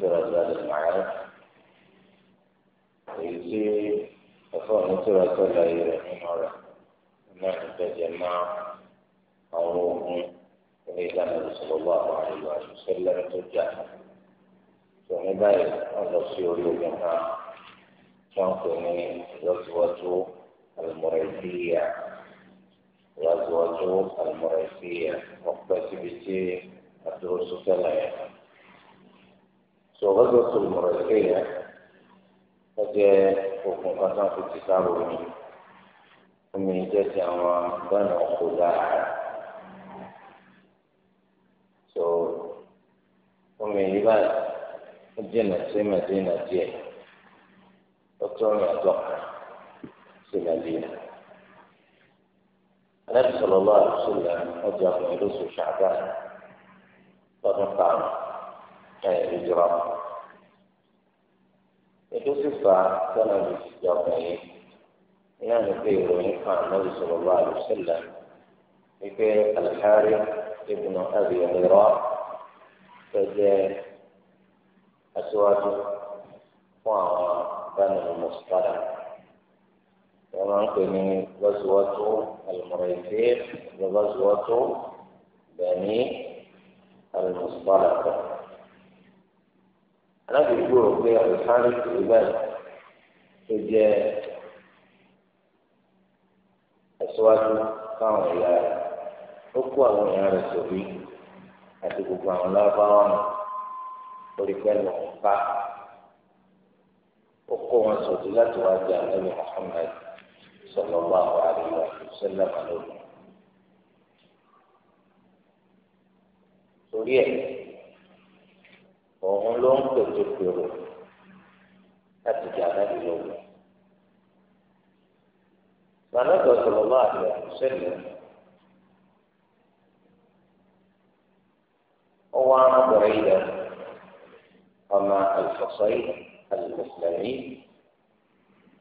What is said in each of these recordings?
سورة زاد المعاد ويجي أفهم سورة الله يرحمه الله أنه تجمع أروم وإذا النبي صلى الله عليه وسلم تجاه فهذا الرسول جمع تعطيني غزوة المريسية غزوة المريسية وقت بيتي الدروس ثلاثة غزوة المريحية فجاء حكم قسم في كتاب ومن جاءت عن بنو خزاعة so omi yìí báyìí ó sí mẹdínà díẹ̀ ó tọrin àtọkà sí mẹdínà alábìsọlọlọ àdúgbò lẹ́nu ọjà ọkùnrin lóṣù ṣàgbà lọ́dún karùnún. يجوز يتوصف كما يستطيع يعني في رؤية النبي صلى الله عليه وسلم في الحارث ابن أبي هريرة فجاء أسواجه وعلى بني المصطلح ومن كني غزوة المريفين وغزوة بني المصطلق alábòójú rò pé àlùfáàrí kìlú báyìí tó jẹ ẹ̀ṣọ́wájú fáwọn ẹ̀yà rẹ̀ ó kó àwọn ẹ̀yà rẹ̀ sórí àti gbogbo àwọn lábáwọn orí pẹ̀lú ọ̀pá ó kó wọn sòdí láti wá jẹ àlẹ́lẹ́ Muhammad sallallahu alaihi wasallam lónìí. torí ẹ̀ òun ló ń pètè pèrò láti jà láti lọ wọ. Mànàtọ̀ sọ̀rọ̀ máa bẹ̀ sẹ́yìn. Ọwọ́ arábìnrin ilẹ̀ ọmọ àlùfọ̀sọ́yì àlùmùsùlùmí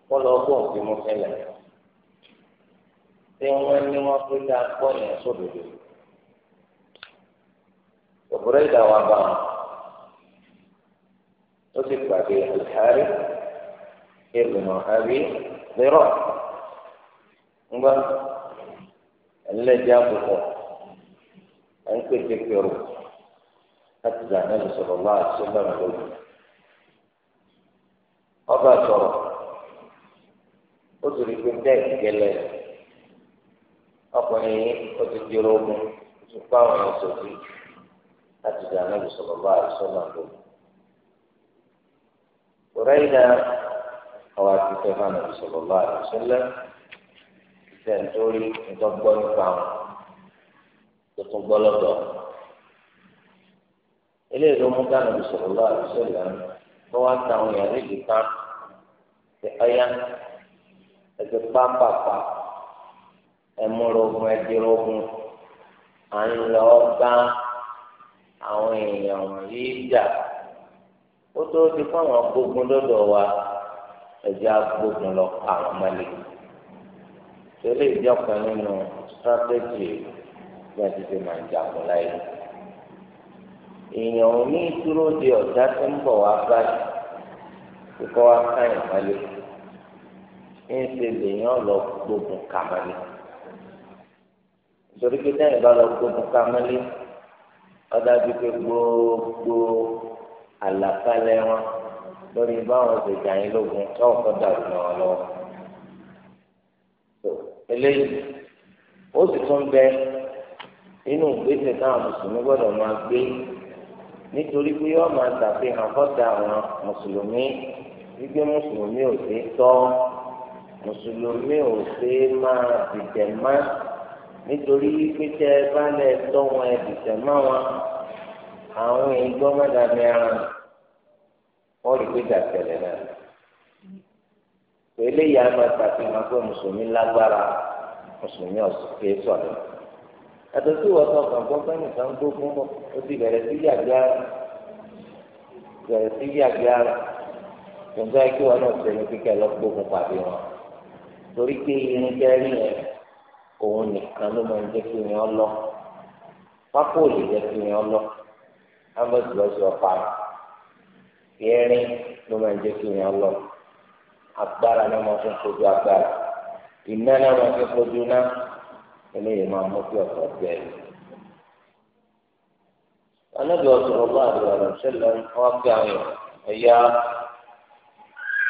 wọ́n lọ bọ̀ bí mo fẹ́ lẹ̀. Tí wọ́n ní wọ́n fi dá yẹn sódodo. Òbúrẹ́ ìdáwà bá wọn. وصف به الحارث ابن أبي ذراع الذي جابه أنك تكفره حتى النبي صلى الله عليه وسلم يقول ọba sọ̀rọ̀ ó sì pé bẹ́ẹ̀ ọ ọkùnrin ó ti di ológun ó ti pa àwọn ẹ̀sọ́ sí láti dànù ìsọ̀rọ̀ bá àìsàn هريرة خواتي كمان صلى الله عليه وسلم سنتوري تقبل فاهم تقبل الله eléyìí ló mú gánà bí sọlọlá àbísọlá kó wá ta àwọn èèyàn méjì kan ṣe ọyá ẹsẹ pápápá ẹmúrogún ẹdínrógún à ń lọ bá àwọn èèyàn wọ̀nyí jà ó tó ti fún àwọn gbógun lọ́dọ̀ wa ẹ̀jẹ̀ agbógun lọ pa àwọn mọ́lẹ̀ tẹ́lẹ̀ ìjọkan nínú strategy bí wọ́n ti fi máa ń jagun láyé èèyàn ò ní dúró de ọ̀dá tó ń bọ̀ wá báyìí kíkọ́ wá káyìn mọ́lẹ̀ ń ṣe lèèyàn lọ gbógun kà mọ́lẹ̀ nítorí pé dáhìn bá lọ gbógun kà mọ́lẹ̀ ọ̀dà bíi pé gbogbo àlàkalẹ̀ wọn lórí báwọn ṣe jà yín lógun táwọn kọ́ dàrú mọ́ wọn lọ́wọ́. eléyìí ó sì tún bẹ nínú ìgbésẹ̀ táwọn mùsùlùmí gbọ́dọ̀ máa gbé nítorí pé wọ́n máa ṣàfihàn kọ́ta àwọn mùsùlùmí gbígbé mùsùlùmí ò sí tọ́ mùsùlùmí ò sí máa dìtẹ̀ má nítorí pé tẹ́ ẹ bá lẹ̀ tọ́ wọn ẹ dìtẹ̀ má wọn àwọn èèyàn gbọ́ mọ́dàmí ara. wọ́n rí pé dàtẹ̀lẹ̀ náà pẹ̀lẹ́ yà á máa ṣàfihàn mùsùlùmí lágbára mùsùlùmí ọ̀sùnkè sọ̀rọ̀ yàtọ̀ sí wọ́n sọ kàn fún pẹ́ẹ́nì kan gbógun ó ti bẹ̀rẹ̀ sí yàgbé ara bẹ̀rẹ̀ sí yàgbé ara kí wọn náà kíkẹ́ lọ gbógun pàdé wọn torí pé irin jẹ́rìí yẹn òun nìkan ló máa ń jẹ́ kí wọn lọ pápó ò erin ló máa ń jẹ́ kí ìyẹn lọ agbára náà máa na kojú agbára iná náà máa fi kojú náà eléyìí máa mú kí ọ̀tọ̀ bẹ́ẹ̀ anábì ọ̀sọ̀rọ̀ bá àdúrà wọ́n fi àwọn ẹ̀yà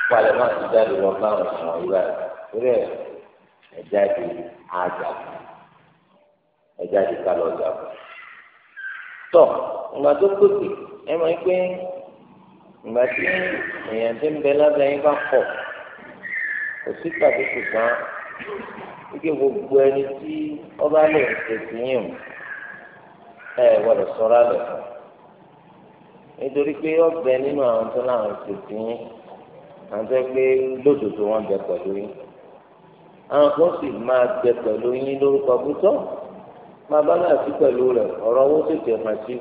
palẹ̀ máa ti jáde bá àwọn ìwà rẹ̀ ẹ̀já ẹ̀já kálọ̀ tọ́ ìgbà tó máa ń ìgbà tí èèyàn ti ń bẹ lábẹ́ yín bá pọ̀ kò sí tàbí ṣùgbọ́n wíkẹ́ gbogbo ẹni tí ọba lè tètè yín o ẹ gbọ́dọ̀ sọ́ra lẹ̀ fún nítorí pé ọbẹ̀ nínú àwọn tó láwọn tètè yín àwọn tó pé lódodo wọn bẹ pẹ̀lú yín àwọn kan sì máa bẹ pẹ̀lú yín lórúkọ pútọ́ máa bá láti pẹ̀lú rẹ̀ ọ̀rọ̀ owó tètè hàn sí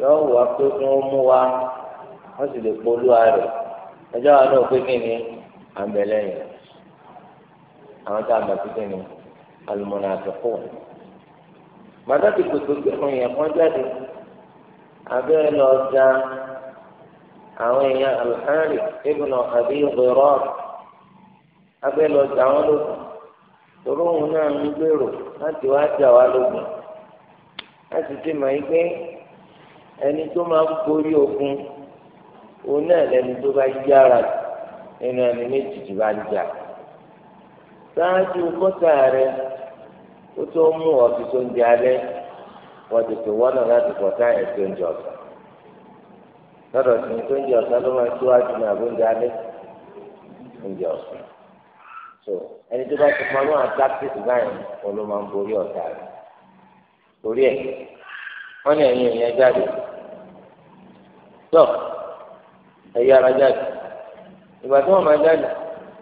yọ wà pé wọ́n mú wa. wọ́n sì lè polúwa rẹ̀ ẹjọ́ àwọn náà pé kí ni àmbẹ̀lẹ́yìn àwọn tá a mọ̀ sí kí ni alùmọ̀nà àtẹ̀kọ́ màtá ti pèsè òkèkùn yẹn kọ́ jáde abẹ́rẹ́ lọ da àwọn èèyàn alhari ibùnà àbí ìgbéró abẹ́rẹ́ lọ da òun náà ń gbèrò láti wá jà wá láti ti mọ̀ yí òun náà lẹni tó bá yára nínú ẹni méjì bá ń jà sáájú kọ́tà rẹ ó tó mú ọ̀sùn tó ń jẹ alẹ́ wọ́n tètè wọ́nà láti kọ́tà ẹ̀ tó ń jẹ sí tó ń ló máa so ẹni tó bá ti pọn náà tákìtì báyìí òun ló máa ń borí rẹ torí ẹ ẹyẹ ara jáde ìgbà tí wọn máa jáde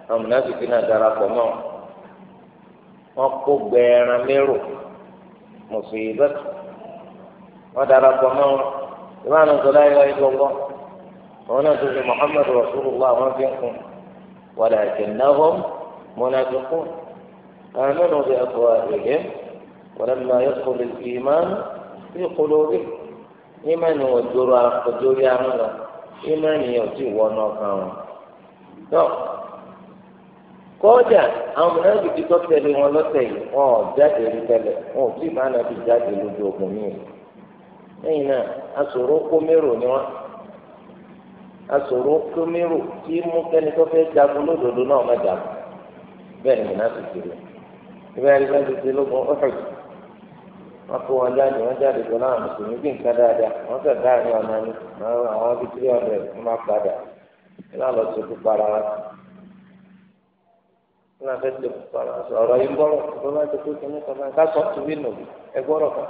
àwọn mùnàfíkì náà darapọ̀ mọ́ wọn kó gbẹ̀ẹ́ran mérò mùsùlùmí bẹ́tù wọn darapọ̀ mọ́ wọn ìmọ̀ àwọn sọlá yìí wáyé gbọ́ngbọ́ wọn náà tó fi Muhammad rasulullah àwọn fi ń kún wàlẹ̀ àjẹnáhùn mùnàfíkún آمنوا بأفواههم ولما يدخل الإيمان في قلوبهم إيمان وجوري عمله ìmánìyàn ti wọ ọ́nà ọkàn wọn. tó kódà àwọn mìíràn gidi tó tẹ̀lé wọn lọ́sẹ̀ yìí wọn ò jáde rí tẹ́lẹ̀ wọn ò tí ì bá jáde lójú ogun míì. lẹ́yìn náà aṣòro ni wọn aṣòro kó tí mú kẹ́ni tó fẹ́ jagun lódodo náà má jagun ni ti wọn kó wọn jáde wọn jáde pẹ̀lú àwọn mùsùlùmí bí nǹkan dáadáa wọn kẹ dáàrin ọ̀nà ni àwọn bíi three hundred wọn máa padà lọ para wa iná fẹ́ sókú para wa ọ̀rọ̀ yìí gbọ́rọ̀ tó bá ti kú kíní kan náà ká sọ́ọ̀tù bí nù ẹ gbọrọ kan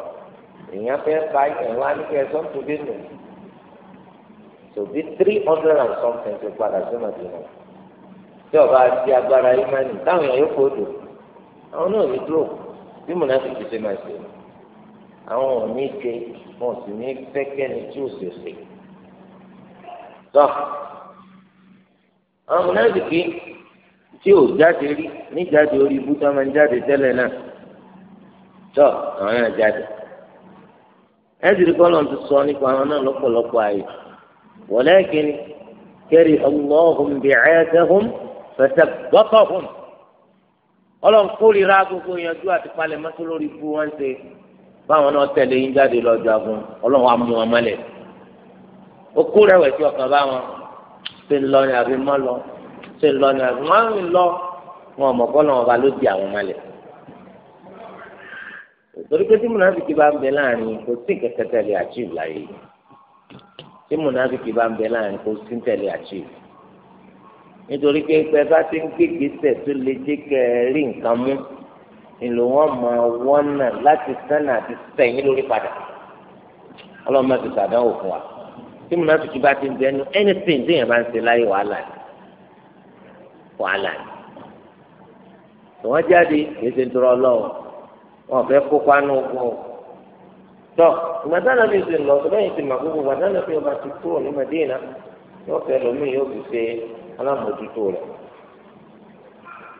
èèyàn fẹ́ pa ẹ̀wọ̀n ní kí ẹ and something padà sí tí ọba ti agbára yìí máa nì táwọn èèyàn yóò kó dò àwọn náà dúró bí àwọn ò ní ṣe wọn ò sì ní fẹ́kẹ́ni tí ò sì ṣe. tọ́ àwọn mọ̀nàbìkì tí ò jáde rí níjáde orí ibú tó máa ń jáde tẹ́lẹ̀ náà tọ́ àwọn náà jáde. ẹ̀sìrì kọ́ lọ́n ti sọ nípa àwọn náà lọ́pọ̀lọpọ̀ ààyè walakin kariha Allahu bi'athahum fasabbaqahum ọlọ́run kórìíra gbogbo yanjú àti palẹ̀mọ́tò lórí ibú wọn ṣe fáwọn náà tẹ̀lé yín jáde lọ jagun ọlọ́run á mú wọn mọ́lẹ̀ ó kó rẹ̀wẹ̀sì ọkàn bá wọn ṣé ń lọ ni àbí mọ́ lọ ṣé ń lọ ni àbí mọ́ ń lọ wọn ò mọ̀ bọ́lọ̀ wọn bá ló di àwọn mọ́lẹ̀ torí pé tí múnafìkì bá ń bẹ láàrin kò sí kẹkẹ tẹ̀lé àchív láyé tí múnafìkì bá ń bẹ láàrin kò sí tẹ̀lé àchív nítorí pé pẹ́ bá ti ń gbégbèsè tó lè jẹ́ kẹ́ rí nǹkan mú ìlò wọn máa wọ́nà láti sánà àti sẹ́yìn lórí padà ọlọ́run máa ti sàdánwò fún wa tí mo náà fi kíba ti ń bẹ ẹnu anything téèyàn bá ń ṣe láyé wàhálà ni wàhálà ni wọ́n jáde kìí ṣe ń tọrọ ọlọ́run wọn fẹ́ kó pánú wọn tọ ìgbàdànà mi ti lọ sọdọ yìí ti mà gbogbo ìgbàdànà mi ti kúrò ní Madina yóò fẹ́ lómi yóò fi ṣe alámòjútó rẹ̀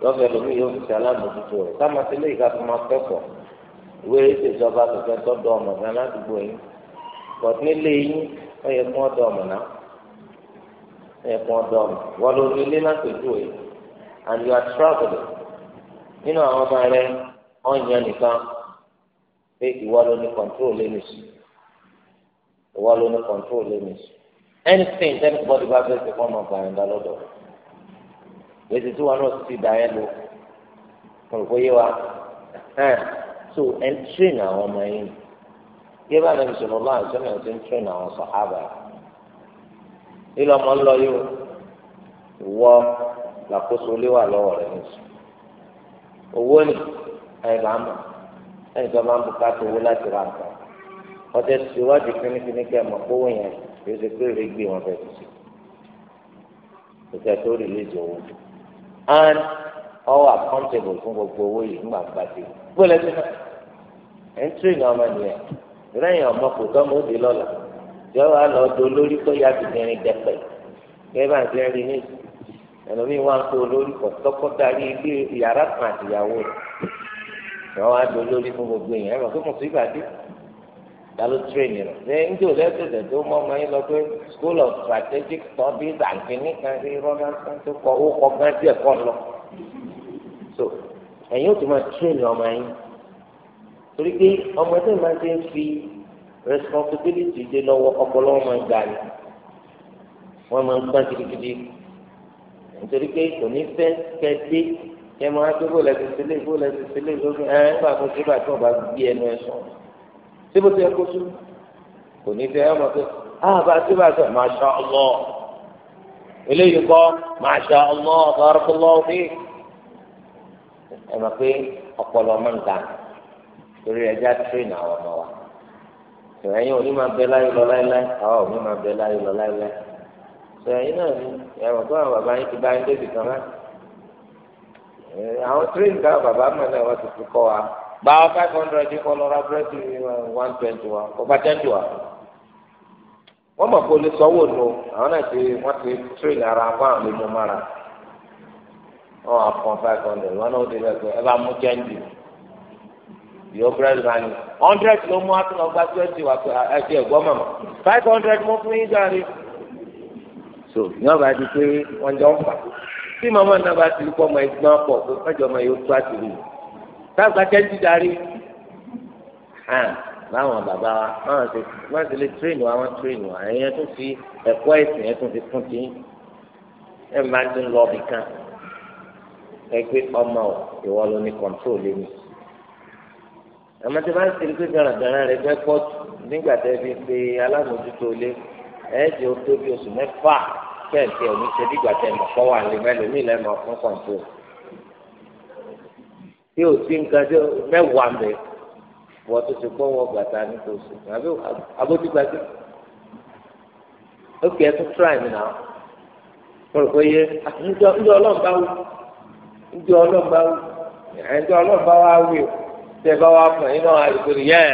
lọ́fẹ̀ẹ́ lómi yóò fi ṣe alábòjútó rẹ̀ ká máa tẹ́lẹ̀ ìka tó máa kẹ́kọ̀ọ́ ìwé ètò ìjọba tuntun tọ́dọ̀ ọmọ gan ládùúgbò yín pọ̀t nílé yín wọ́n yẹ kí wọ́n dọ̀ ọmọ náà wọ́n yẹ kí wọ́n dọ̀ ọmọ wọ́n ló ní ilé látòjú rẹ̀ and you are travelling nínú àwọn ọmọ rẹ̀ ọ̀yàn nìkan pé ìwọ ló ní control lé mi sí ìwọ ló ní control lé mi sí anything tẹ́nifọ́dì bá fẹ́ ṣe fọ́ọ̀mù ọ̀gbà èsì tí wọn náà ti dà yẹn lò wọn kò yé wa ẹn so ẹ ń train àwọn ọmọ yín yé bá nàbì sọlọ lọ àti sọlọ ti ń train àwọn sọhábà ilé ọmọ ńlọ yìí wọ làkóso lé wà lọ́wọ́ rẹ nìyí owó ni ẹ̀yìn là ń mọ ẹ̀yìn tó máa ń bùkátà owó láti ra nǹkan ọtẹ síwájú fínífíní kẹ mọ kówó yẹn kí ó ṣe pé rẹ gbé wọn fẹẹ ti ṣe kò tẹ tó rìlíìsì owó tó and all accountable fún gbogbo owó yìí nígbà gbàdé gbọ́dọ̀ ti náà ẹ̀ ń tún ìnà ọmọ nìyẹn ìrẹ́yìn ọmọ kò tọ́mọ òde lọ́la yọ wá lọ do lórí tó yá bìbìrin dẹ́pẹ̀ gẹ́gẹ́ bá ń ti rí ní ẹlòmíì wá ń kó lórí kọ̀ tọ́kọ́tà rí ilé yàrá kan àtìyàwó rẹ̀ wọ́n wá do lórí fún gbogbo èèyàn ẹ̀rọ tó kùn sí ìgbàdé ta train tírénì rẹ̀ ṣé ń jò lẹ́sẹ̀sẹ̀ tó mọ́ ọmọ yín lọ pé school of strategic studies àǹkíní kan sí rọ́lá tó kọ ó kọ gán díẹ̀ kọ́ lọ. so ẹ̀yin ó ti máa tírénì ọmọ yín torí pé ọmọ ẹgbẹ́ máa ti ń fi responsibility dé lọ́wọ́ ọpọlọ́wọ́ máa ń gbà ní wọ́n máa ń gbá gidigidi nítorí pé kò ní fẹ́ kẹ́ dé kẹ́ máa tó bó lẹ́sẹ̀ sílé bó lẹ́sẹ̀ sílé lórí ẹ̀ ń gbà fún síbà tí wọ́n bá gbé ẹnu ẹ̀ sọ̀rọ̀ síbi tó yẹ kó sùn kò ní fẹ́ ọmọ pé àbá ah, tí bá sọ masha allah eléyìí kọ́ masha allah barakallahu fi ẹ mọ̀ pé ọpọlọ máa ń ga torí ẹja tírínì àwọn ọmọ wa ìrẹ̀yìn òní máa bẹ láyé lọ láéláé àwọn òní máa bẹ láyé lọ láéláé sẹ́yìn náà ni ẹ̀wọ̀n tó àwọn bàbá yín ti bá yín débi kan láti àwọn tírínì káwọn bàbá mọ̀ náà wọ́n ti fi kọ́ wa gba five hundred kọ́ lọ́ra búrẹ́dì uh, one twenty wa ọba twenty wa wọ́n mọ̀ pé olùsọ́wọ́ nù àwọn náà ti wọ́n ti train ara fún àwọn èèyàn mára wọ́n wà fún five hundred wọ́n náà ó ti rẹ̀ pé ẹ bá mú twenty yóò búrẹ́dì bá ní hundred ló mú àtúnlọ gba twenty wa pé ah, ẹ ti ẹ̀gbọ́n mọ̀mọ́ five hundred mú fún yín jáde so yóò bá di pé wọ́n jọ ń fà tí màmá náà bá ti rí pọ́ ọmọ ẹgbẹ́ pọ̀ pé kọ́jọ́ ọmọ yóò tó àtìlẹ́yìn táàgbà tẹ́tí darí hàn láwọn bàbá wa wọ́n ti wọ́n ti lè tírénì wa wọ́n tírénì wa ẹ̀yẹn tún fi ẹ̀kọ́ ẹ̀sìn ẹ̀ tún fi kún tí ẹ̀ máa ti ń lọ bì kan ẹgbẹ́ ọmọ ìwọ ló ní kọ̀ǹtrol lé mi àmọ́ tí wọ́n ti rí pé garagara rẹ̀ fẹ́ pọ̀ jù nígbà tẹ́ fi pe alámòjútó lé ẹ̀ẹ́dì ó tóbi oṣù mẹ́fà kẹ́ẹ̀tì ẹ̀ ní ṣe dígbà tẹ́ mọ̀ kọ́ wà lé mẹ́lòmíì lẹ́nu ọ̀fun kọ̀ǹtrol tí o sí nǹkan tí mẹ́wàá mẹ wọ́n tó ti gbọ́ wọ bàtà ní kò sí àbí abójúgbàgbé ó kì í tún tíráì mi náà mo rò pé yé ǹjọ́ ǹjọ́ ọlọ́run bá wù ǹjọ́ ọlọ́run bá wù ǹjọ́ ọlọ́run bá wà wù o tẹ bá wà fún yín náà wà lóko rí yẹn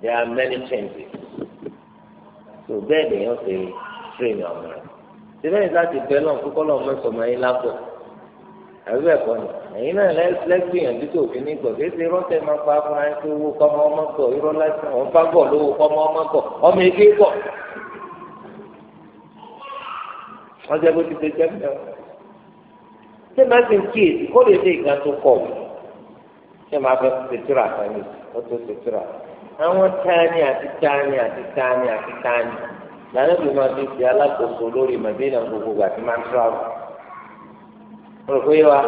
there are many changes so bẹ́ẹ̀ lèèyàn ṣe train ọmọ rẹ̀ ṣe bẹ́ẹ̀ láti bẹ́ẹ̀ náà kókó lọ́mọ sọmọ yín lápò àbí bẹ́ẹ̀ kọ́ ni. ẹ̀yin náà lẹ́gbìyànjú tó fi ní gbọ̀ kéde rọ́tẹ̀ máa pa fúnra owó kọ́mọ ọmọ gbọ̀ irọ́ lásán ọ̀n bá gbọ̀ lówó kọ́mọ ọmọ gbọ̀ ọmọ ege gbọ̀. bó ti ṣe ṣé máa ti ń kó lè dé ìgbà tó ṣé máa fẹ́ tó àwọn àti àti àti lànà máa gbogbo àti máa ń wa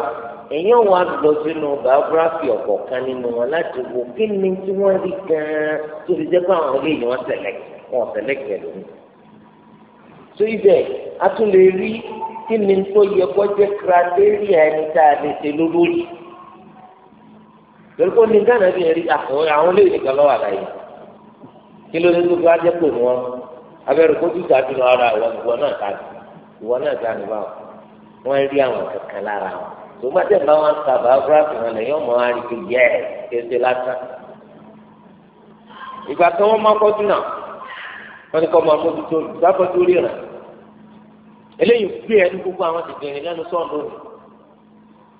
èyí wọn á lọ sínú biography ọ̀kọ̀ọ̀kan nínú wọn láti wo kí ni tí wọ́n rí gan-an tó fi jẹ́ pé àwọn eléyìí wọ́n select wọ́n select pẹ̀lú mi. tó ibẹ̀ a tún lè rí kí ni tó yẹ kó jẹ́ criteria ẹni tá a lè ṣe lólórí. pẹ̀lú kó ní gánà bí ẹ̀rí àwọn àwọn eléyìí nìkan lọ́wọ́ àlàyé kí ló ní gbogbo ajẹ́ pò wọn abẹ́rẹ́ kó tún tàbí ara ìwọ náà tàbí ìwọ náà tàbí báwọn wọ́n rí àwọn kankan lára wọn tòmá tẹ̀ bá wọn ka biography wọn lẹ́yìn ọmọ àríkè yẹ kéde lásán ìgbà tí wọ́n má kọ́jú náà wọ́n ní kọ́ máa mójútó ìdábọ́jú ríran eléyìí gbé ẹni gbogbo àwọn ti bẹ̀rẹ̀ lẹ́nu sọ́ọ̀nù rẹ̀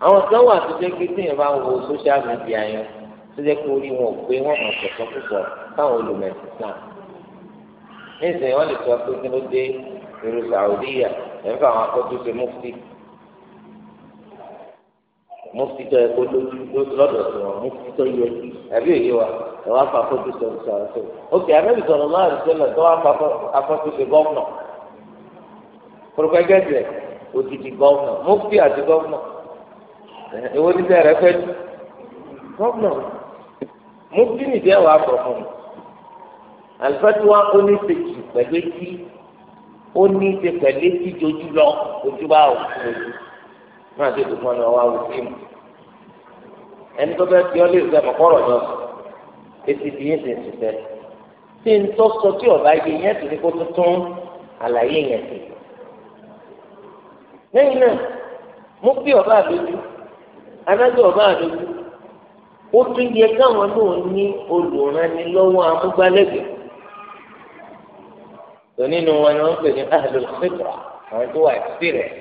àwọn kan wà tó jẹ́ pé téèyàn bá ń wo social media yẹn tó jẹ́ pé orí wọn ò pé wọ́n mọ̀ sọ̀tọ̀ púpọ̀ káwọn olùmẹ̀sì náà nísìnyí wọ́n lè sọ pé kí ló dé irú Saudiya ẹ̀ àwọn akọ́tún ṣe mufti mufti tó yẹ kó lójú lọ́dọ̀ tó wọn mufti tó yẹ kí àbí òye wa ẹ wá fàkójú sọ̀rọ̀ sọ̀rọ̀ sọ̀rọ̀ ok anábì sọ̀rọ̀ náà rí sọ̀rọ̀ tó wá fàkójú sí gọ́ọ̀nà pọ̀lùpẹ̀gẹ́dẹ̀ òdìdí gọ́ọ̀nà mufti àti gọ́ọ̀nà èwo ní sẹ́rẹ̀ fẹ́ jù gọ́ọ̀nà mufti nìdí ẹ̀ wá sọ̀ fún mi alifatiwa ó ní sèkì pẹ̀lú etí ó ní sèkì pẹ̀lú etí jojú lọ ojú bá òkú ojú náà ṣe dùn mọ́ni ọwọ́ àwọn fíìmù ẹni tó fẹ́ fi ọ́ lè sọ ẹ̀mọ́ kọ́rọ̀ yọ etí ti yín sì ń ṣiṣẹ́ tí ń tọ́ sọ tí ọ̀bá yẹ yẹn sì ní kó tuntun àlàyé yẹn sì lẹ́yìn náà mú kí ọba àdójú adájọ́ ọba àdójú ó tún yẹ káwọn náà ní olùrànilọ́wọ́ amúgbálẹ́gbẹ̀ẹ́ tó nínú wọn ni wọ́n pè ní ahlul fitra àwọn tó wà experience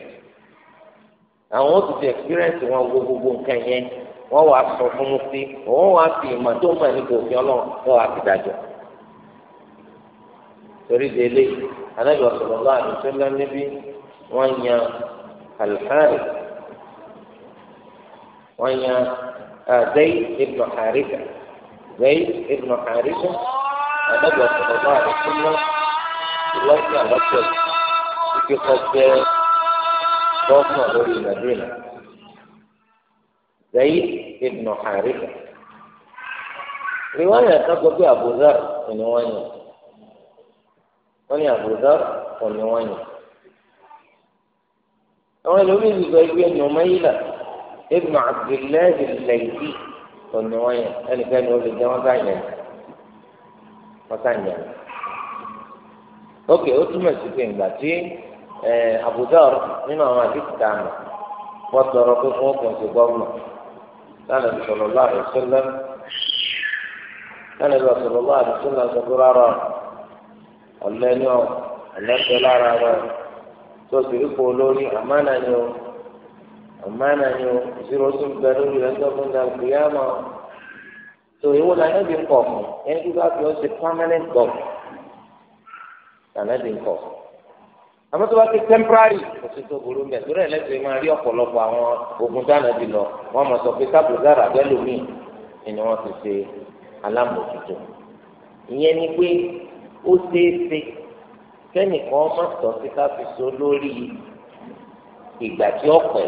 àwọn ó ti fi experience wọn wo gbogbo nǹkan yẹn wọn wàá sọ fún un sí òun wàá fi ìmọ̀ tó mọ̀ nípa òfin Ọlọ́run wọn wàá fi dájọ́ torí délé anábì sallallahu alaihi wasallam níbí wọn yan alhari wọn yan zayi ibnu harisa zayi ibnu harisa anábì sallallahu alaihi wasallam ìwádìí àlọ́tẹ̀ ìkẹ́kọ̀ọ́ bẹ́ẹ̀ tọ́sán lórí Madina Zayd ibn Haritha riwaya kan sọ pé Abuzar ni wọ́n yàn wọ́n ní Abuzar ni wọ́n yàn àwọn ẹlòmíì ti sọ ibi ẹni ọmọ yìí là ibn Abdillah al-Laythi ni wọ́n yàn ẹnikẹ́ni ó lè jẹ́ wọ́n bá yàn wọ́n bá yàn ok ó túmọ̀ sí pé ìgbà tí. Ee abuja nínú àwọn àdìsí tá a mọ̀ wọ́n tọrọ pé fún òkùn sí gọ́ọ̀nà sáà lè sọ̀rọ̀ láàrú sílẹ̀ sáà lè sọ̀rọ̀ láàrú rárá ọ̀lẹ́ni ọ ọ̀lẹ́sẹ̀ lára rẹ̀ tó sì rí kó lórí àmánà ni o àmánà ni o ìṣirò tó ń bẹ lórí fún dàgbé yá tó ìwọ ń ẹni tó bá permanent ń àmọ́ tó bá ti tẹ́ḿpárì kò sí tó burú mẹ́ torí ẹlẹ́sìn máa rí ọ̀pọ̀lọpọ̀ àwọn ogun dáná bí lọ wọ́n mọ̀ sọ pé sábùdára bẹ́lómi ni wọ́n ti ṣe alámòtútù ìyẹn ni pé ó ṣeé ṣe kẹ́nìkan má tọ́ sí ká fi so lórí ìgbà tí ó pẹ́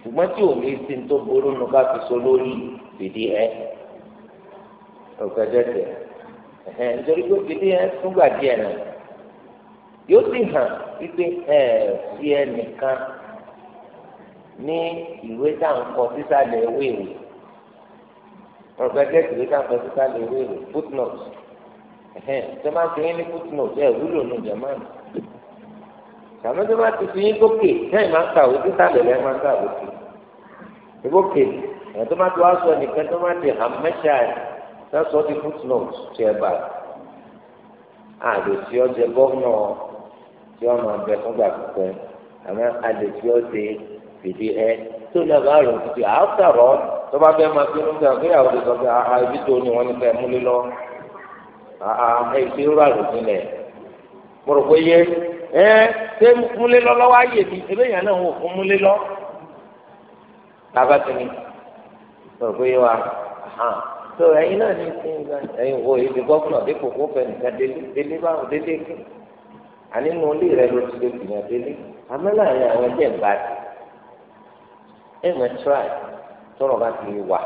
ṣùgbọ́n tí ò ní sí tó burú nu ká lórí fìdí ẹ òkè tẹ̀ ẹ̀hẹ́n nítorí pé fìdí ẹ fúngbà díẹ̀ náà yóò sì hàn wípé ẹ fi ẹnìkan ní ìwé tá à ń kọ sísàlẹ̀ ewé ìwé ọ̀gbẹ́gẹ́ ìwé tá à ń kọ sísàlẹ̀ ewé ìwé footnote tó máa fi yín ní footnote ẹ̀ wúlò nù jẹ̀mánì tàbí tó máa ti fi yín gòkè náà máa ń kàwé sísàlẹ̀ lẹ́yìn máa ń kàwé sí gòkè ẹ̀ tó máa ti wá sọ nìkan tó máa ti hàn mẹ́ṣà ẹ̀ tó sọ ti footnote tiẹ̀ bá a lè fi ọjẹ́ gọ́ọ̀nà ọ̀ tí wọn máa bẹ fún gbà pípẹ́ àmọ́ alẹ tí ó ṣe fìdí ẹ tó lọ bá rò títí àátàrọ tó bá fẹ́ máa fi ń gbà pé àwọn olùsọ pé àhà ibi tó ni wọn ní fẹ́ múlé lọ àhà ẹ ti rú àròjìn lẹ mo rò pé yé ẹ ṣé múlé lọ lọ́wọ́ ayé mi ebe yẹn náà wò fún múlé lọ bàbá tó ni mo rò pé yé wa tó ẹyin náà ní sí ẹyin wo ibi gọ́fúnà dípò kó fẹ́ nìkan délé báwo délé kí ànínú ilé rẹ ló ti lè gbìyànjú délé àmọ́ láàrin àwọn ẹgbẹ́ ìgbà tí ẹ mọ̀ tíráì tọrọ bá ti wà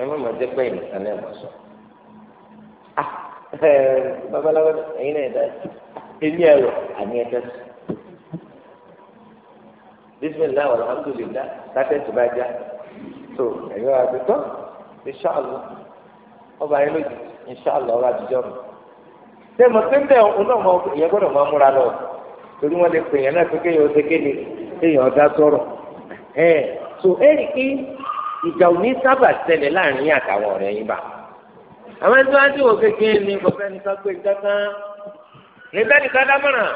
ẹ mọ̀ mọ̀ jẹ́ pé ìnìkan náà mọ̀ sọ. babaláwo ẹ̀yin náà dá èmi ẹ̀rọ àní ẹ̀tẹ́ sùn. bísímìlá wà lámdùlélá látẹ̀tù bá já tó ẹ̀yọ́ àgbẹ̀tọ́ inṣàlọ́ ọba ayélujára inṣàlọ́ ọba àtijọ́ mi ṣé mo ti ń bẹ̀ ọ́n náà mọ ìyẹn gbọ́dọ̀ máa múra lọ torí wọ́n lè pè yẹn náà pé kéèyàn ṣe kéde kéèyàn ọ̀dá sọ̀rọ̀ ẹ̀ so ẹ̀rì kí ìjà ò ní sábà ṣẹlẹ̀ láàrin yín àtàwọn ọ̀rẹ́ yín bá àwọn ẹni tó wá sí òkè kí ni kò fẹ́ nìkan pé kankan nìkan nìkan dámọ̀ràn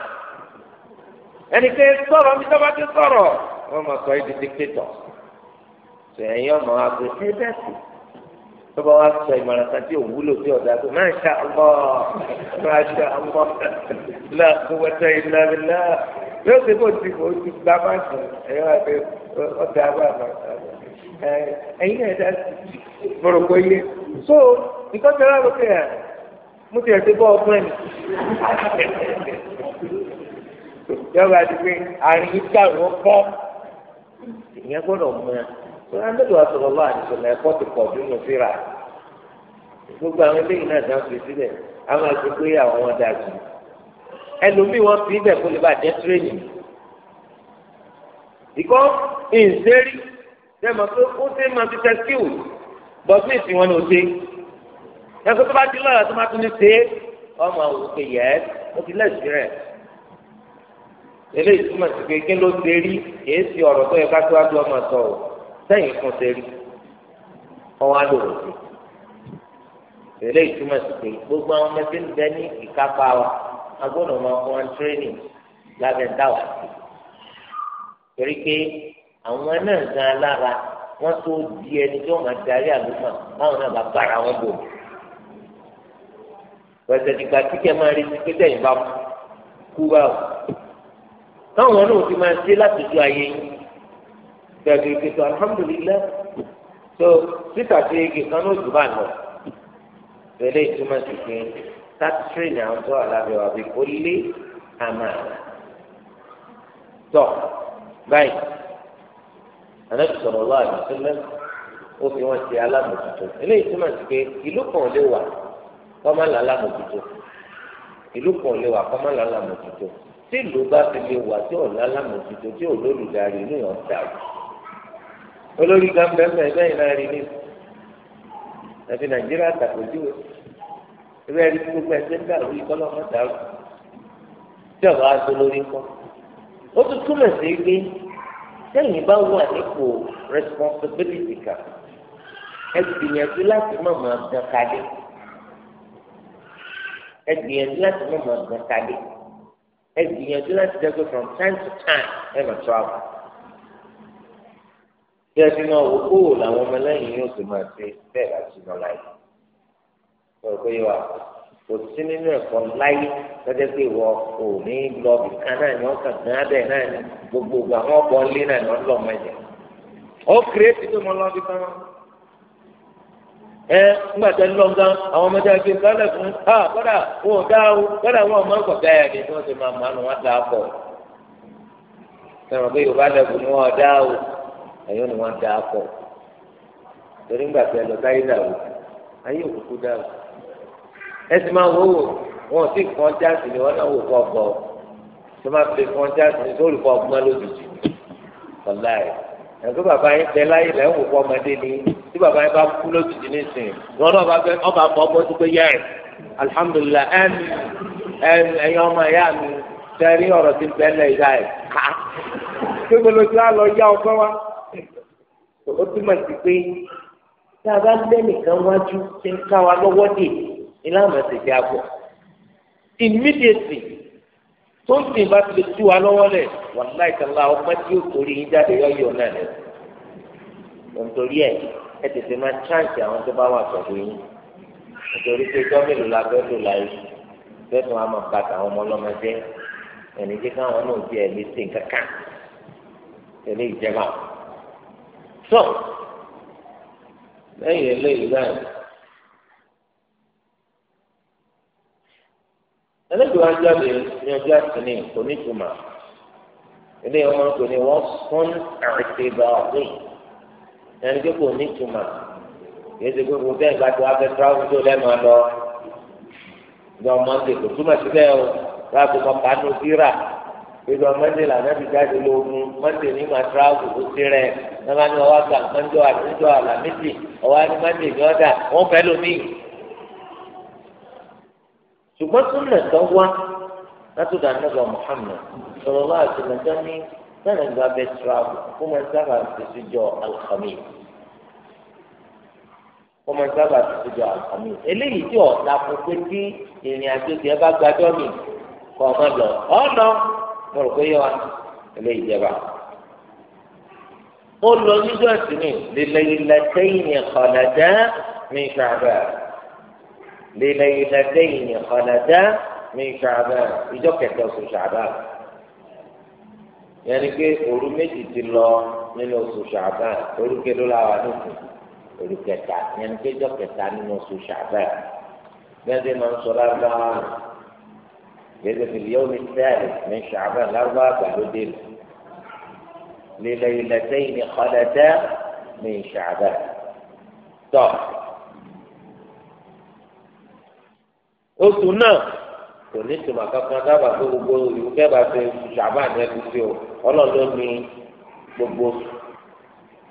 ẹni pé sọ̀rọ̀ mi tọ́ba ti sọ̀rọ̀ wọ́n mọ̀ sọ ibi dictator ṣèyàn yọ̀ mọ́ àgbẹ̀ ẹ bẹ́ẹ̀ sì tó bá wá sọ ìmọ̀ràn kan tí ò wúlò tí ọ̀dà tó máa ń ṣe àmọ́ máa ṣe àmọ́ náà kó wẹ́tẹ́ iná mi náà yóò ṣe bó ti kó ti gbá máa sùn ẹ̀yọ́ àti ọ̀dà àbá àbá ẹ̀yìn náà dá sí mọ̀rọ̀ kó so nǹkan tẹ́lá ló kẹ́ ẹ̀ mo ti ẹ̀sìn bọ́ ọgbọ́n ẹ̀ yọba àti pé àrùn ìjà ló pọ̀ ìyẹn gbọ́dọ̀ mọ wọn àdébò àtọ̀rọ̀ lọ́wọ́ àdìsọ̀lá ẹ̀kọ́ ti pọ̀ jù nù síra gbogbo àwọn eléyìí náà dá fi sílẹ̀ àwọn àti pé àwọn wọn dà jù ẹlòmíì wọn fi ibẹ̀ kó lè bá jẹ́ tírénì ìkọ́ ìǹsẹ́rí dẹ́mọ̀ pé ó ṣe máa fi tẹ́síwù bọ́sí ìsìn wọn ni ó ṣe ẹ̀kọ́ tó bá ti lọ́la tó máa tún ní ṣe é ọmọ àwọn òkè yẹ ẹ́ ó ti lẹ́sìn rẹ̀ eléyìí túmọ̀ sí pé kí ló ṣe rí èé sí ọ̀rọ̀ tó yẹ ká tó wá tó ọmọ sọ̀rọ̀ sẹ́yìn fún sẹ́rí ọwọ́ àlòrò sí tẹ̀lé ìtumọ̀ sí pé gbogbo àwọn ọmọ ń bẹ ní ìkápá wa a gbọ́dọ̀ máa fún wọn tírénìn lábẹ́ dáwà sí torí pé àwọn náà gan alára wọ́n tó di ẹni tí wọ́n máa darí àlùmọ̀ báwọn náà bá bára wọn bò pẹ̀sẹ̀ dìgbà tí kẹ́ máa rí pé sẹ́yìn bá kú báwò táwọn náà ti máa ṣe láti ju ayé yìí tẹ̀lé ìgbésọ alhamdulilayi tó títà sí igi kan ló dùbà lọ tẹ̀lé ìtumọ̀ sí pé láti tírìnì àwọn tó alábẹ́ wa bí kò lé àmà tọ̀ báyìí anábì sọ̀rọ̀ lọ́wọ́ àdìsílẹ̀ ó fi wọ́n ṣe alámòtútù eléyìí túmọ̀ sí pé ìlú kan lè wà kọ́má là lámòtútù ìlú kan lè wà kọ́má là lámòtútù tí ìlú bá fi lè wà tí ò lálámòtútù tí ò lólùdarí ní ọ̀tá olórí gan bẹ́ẹ̀ bẹ́ẹ̀ náà rí ní ẹ̀fìn nàìjíríà tàkójúwe ìwé ẹ̀rí gbogbo ẹ̀sẹ̀ ń dàrú ìkọ́lọ́ mọ́ta rú tí ọ̀rọ̀ aṣọ lórí kọ́ ó tún túmọ̀ sí pé sẹ́yìn bá wà nípò responsibility kan ẹ gbìyànjú láti má máa gan kadé ẹ láti má máa gan kadé ẹ láti dẹ́gbẹ́ from time to time ẹ máa travel. bí a ti máa wò yóò ti máa ṣe bẹ́ẹ̀ láti lọ láì pé wà kò sí nínú ẹ̀kọ́ lọ́jọ́ pé kò ní lọ náà ni wọ́n gbogbo ìgbà wọn bọ́ lé náà ni wọ́n lọ ó kéré lọ bí ẹ tẹ ń lọ gan àwọn o wọn ò ni ti máa ẹ̀yọ́ ni wọ́n dáa pọ̀ torí ńgbà tí ẹ lọ sáyé dàrú ayé òkùnkùn dàrú ẹ sì máa wò wò wọn ò sì kọ́ńtáàsì ni wọ́n náà wò kọ́ gbọ́ tó máa fi kọ́ńtáàsì ni sóòlù kọ́ gbọ́n lójijì ọ̀la ẹ̀ ẹ̀gbọ́n bàbá yín tẹ láyé lẹ́ ń wò kọ́ ọmọdé ni tí bàbá yín bá kú lójijì nísìnyí wọn náà bá fẹ́ ọba kọ́ ọgbọ́n tó pé yá ẹ̀ alihamudulilayi ẹ̀mí ẹ̀yin ọmọ ìyá mi tẹ̀rí ọ̀rọ̀ ti bẹ́ẹ̀ lẹ̀ yá ẹ̀ ká gbogbo lójú á lọ yá ọgbọ́n ó túmọ̀ sí pé tá a bá lẹ́nìkan wájú tí ń ká wa lọ́wọ́ dè ìlànà tètè àgbọ̀ immediately tó ń sìn bá ti lè tú wa lọ́wọ́ lẹ̀ wà láìkàlá ọmọ tí yóò torí yín jáde yọ̀yọ̀ náà lẹ̀ nítorí ẹ̀ ẹ tètè máa chance àwọn tó bá wà pẹ̀lú yín nítorí pé ìjọ mélòó la fẹ́ lò láyé bẹ́ẹ̀ tó wà máa bá àwọn ọmọ ọlọ́mọ jẹ́ ẹ̀ní jẹ́ káwọn náà jẹ́ ẹ̀mí sí nǹkan kan tẹ̀lé ìjẹba tó lẹ́yìn eléyìí báyìí ẹlẹ́dùn ajáde ní ọjọ́ àtìní kò ní ìtumà ilé ọmọ kò ní wọ́n fún àìsèbà ọ̀gbìn ẹni pé kò ní ìtumà yéésì gbogbo bẹ́ẹ̀ bá tó afẹ́ tíráwù tó lẹ́nu ọ̀dọ́ ìgbà ọmọ ń tètè túmọ̀ sílẹ̀ o láti mọ kánú síra ìgbà mọ́tẹ́ là nàbì jáde lógun mọ́tẹ́ ní ma tíráàbù ó ti rẹ̀ nàbà ní ọwọ́ àgbà mọ́tẹ́ àtijọ́ àlàmísì ọwọ́ àti mọ́tẹ́ ìjọ dà wọ́n fẹ́ lómi. ṣùgbọ́n tún nà tán wá látọ̀dọ̀ anábà Muhammad sọ̀rọ̀ wá àti nàjọ́ ní sẹ́nà ìgbà bẹ tíráàbù kó máa sábà tètè jọ alhami. kó máa sábà tètè jọ alhami. eléyìí tí ọ̀tà kò pé tí ìrìn àjò tiẹ̀ bá gbàdọ́ mi kọ̀ mo rò pé yẹ wa ilé ìjẹba ó lọ níjọ́ ìsinmi lèlẹ́yìnlẹ́tẹ́yìn ìkọ̀lẹ́dá ní ṣàbẹ̀ lèlẹ́yìnlẹ́tẹ́yìn ìkọ̀lẹ́dá ní ṣàbẹ̀ ìjọ kẹtẹ oṣù ṣàbẹ̀ yẹn ni pé òru méjì ti lọ nínú oṣù ṣàbẹ̀ orúkẹ ló láwa nìkan òru kẹta yẹn pé ìjọ kẹta nínú oṣù ṣàbẹ̀ bí máa ń sọ lára إذا في اليوم الثالث من شعبان الأربعة فهدل لليلتين خلتا من شعبان طب قلت náà kò ní tòmà kankan dábàá tó gbogbo ìlú kẹbàá tó ṣàbá ní ẹbí tí ọlọ́dún ní gbogbo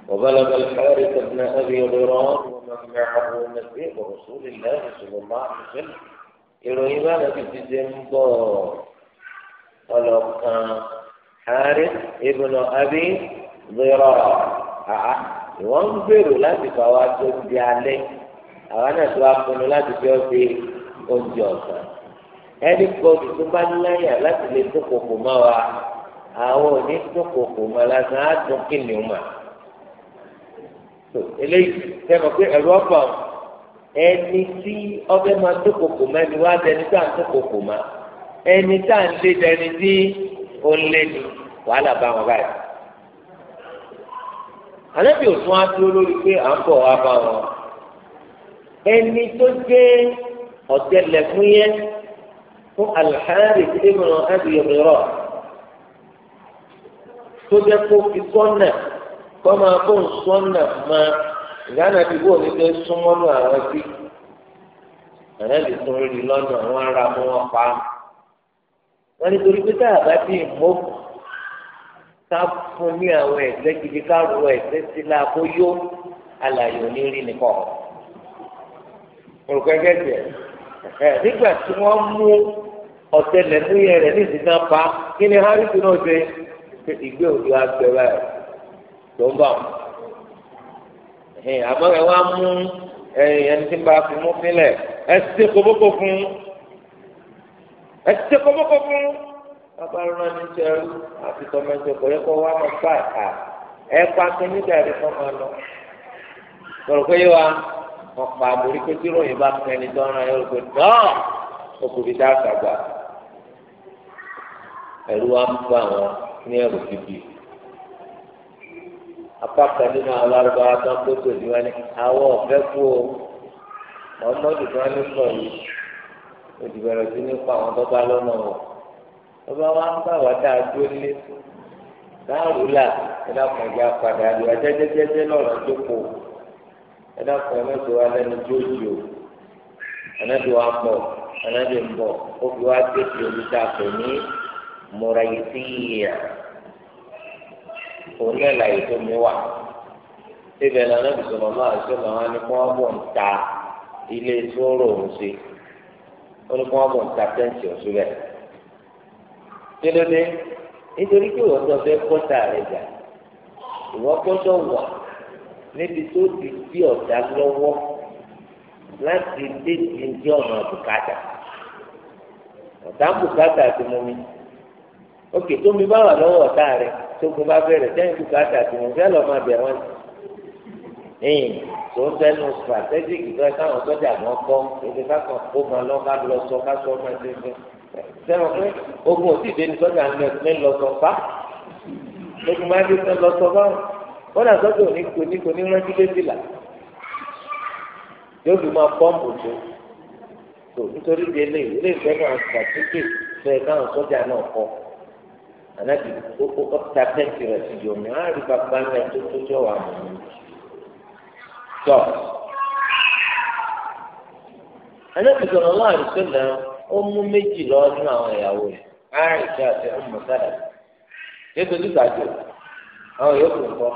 وبلغ الحارث بن ابي هريره ومن معه النبي ورسول الله صلى الله عليه وسلم ìròyìn bá lọ sí ti ṣe ń bọ̀ ọlọ́kan ààrẹ ìbùnà àbí zọrọ àá ìwọ́n ń gbèrò láti fà wá tó di alẹ́ àwa náà tó wá pinnu láti fi ọ́fẹ́ oúnjẹ ọ̀sán ẹni kọ́ọ̀dù tó bá láyà láti lè tó kòkò mọ́ wa àwọn òní tó kòkò mọ́ lásán á tún kìnìún mà. eléyìí sẹ́nu pé ẹ̀rọ ọ̀pọ̀ ẹni tí ọbẹ̀ máa tó kòkò mọ́ ẹni wá dẹni tá à ń tó kòkò mọ́ ẹni tá à ń lé dẹni tí ó ń lé ni wàhálà bá wọn báyìí. àlẹ́bí òtún á dúró lórí pé à ń bọ̀ wá bá wọn. ẹni tó jẹ́ ọ̀tẹlẹ̀kùn yẹn fún alhari tí ó mọ̀ ẹ̀bí rọ̀ tó jẹ́ kó fi sọ́nà kọ́ máa kó ń sọ́nà máa ìdáná ti wò ní pé súnmọ́nù àwọn ẹbí àná lè tún rí lọ́nà àwọn ará mú wọn pa á wọn nítorí pé táyà bá ti mọ́ ká fún ní àwọn ẹ̀sẹ̀ gidi ká ro ẹ̀sẹ̀ sí la kó yó alàyè onírí nìkan olùkọ́ ẹgbẹ́ tiẹ̀ nígbà tí wọ́n mú ọ̀tẹ̀ lẹ́múyẹ rẹ̀ ní ìdíná pa kí ni harris náà ṣe ìgbé òdu agbẹ́ báyìí tó ń bà wọ́n àmọ́ ẹ wá mú ẹni tí ń bá fi mú sílẹ̀ ẹ ṣe kókókó fún ẹ ṣe kókókó fún babalọ́nà ní sẹ́rú àti tọ́mẹ́tò kò yẹ kó wá mọ̀ gbà á ẹ pa kínní dàrí fún wọn lọ. sọ̀rọ̀ pé wa wọ́n pa àbórí pé tí ròyìn bá fún ẹni tó ń ra yọ̀rọ̀ pé náà okùnrin dá àgbà ẹ̀rú wa ń bá wọn ní ẹ̀rù bíbí apá kan nínú àwọn arúgbáwá tó ń gbé pẹ̀lú wa ní àwọn ọ̀fẹ́ kú o mọ̀mọ́dù kan ní pọ̀ yìí òdìbẹ̀rẹ̀ sí ní pa àwọn bọ́bá lọ́nà wọ̀ bọ́bá wa ń bá wà dáa tó lé dáàrú là ẹ̀dá kan ìjà padà àdìwà jẹ́jẹ́jẹ́jẹ́ lọ́rọ̀ jókòó ẹ̀dá kan ẹ̀mẹ́sọ̀ wa lẹ́nu jóòjì o ẹ̀nẹ́dì wa pọ̀ ẹ̀nẹ́dì ń bọ̀ ó fi wá dé ti olùdàpọ̀ ní mọ̀ràyìí òun náà láyé tó mi wà ibẹ̀ náà náà bìsọ̀ màmá àti màmá ni wọ́n bọ̀ ń ta ilé sóró òun sí ó ní kí wọ́n bọ̀ ń ta tẹ́ǹtì ọ̀sùn rẹ̀ nítorí pé wọ́n tó fẹ́ kọ́ta rẹ̀ jà ìwọ́n gbọ́dọ̀ wà níbi tó ti di ọ̀dà lọ́wọ́ láti déjì ní ọ̀nà ọ̀dà ti mú mi òkè bá tókun bá bẹ̀rẹ̀ sẹ́yìn tó káàtà tí mo fẹ́ lọ́ọ́ máa bẹ̀ wọ́n ẹ̀yìn tó ń bẹnu strategic tó ẹ káwọn sọ́jà gan kọ́ èdè kákan kó máa lọ́ ká lọ sọ ká sọ máa ṣe fún sẹ́wọ̀n pé ogun ò sì dé ní sọ́jà ń lẹ́ lọ sọ fá lókun máa dé sọ́ lọ sọ báwọn wọ́n dà sọ́jà òní kò ní kò ní rántí lébi là yóò fi máa pọ́ǹpù tó tó nítorí délé ilé ìfẹ́ náà strategic tó káwọn sọ́jà náà kọ́. anabi kókó ọ̀tá tẹ́ǹtì rẹ̀ sí yomi á rí bàbá rẹ̀ tó tó tó wà mọ́ mi. anabi sọ̀rọ̀ náà meji náà ó mú méjì lọ́dún àwọn ìyàwó rẹ̀ àrùsọ àti ọmọ sára yóò tó dùsàjò àwọn yóò tó kọ́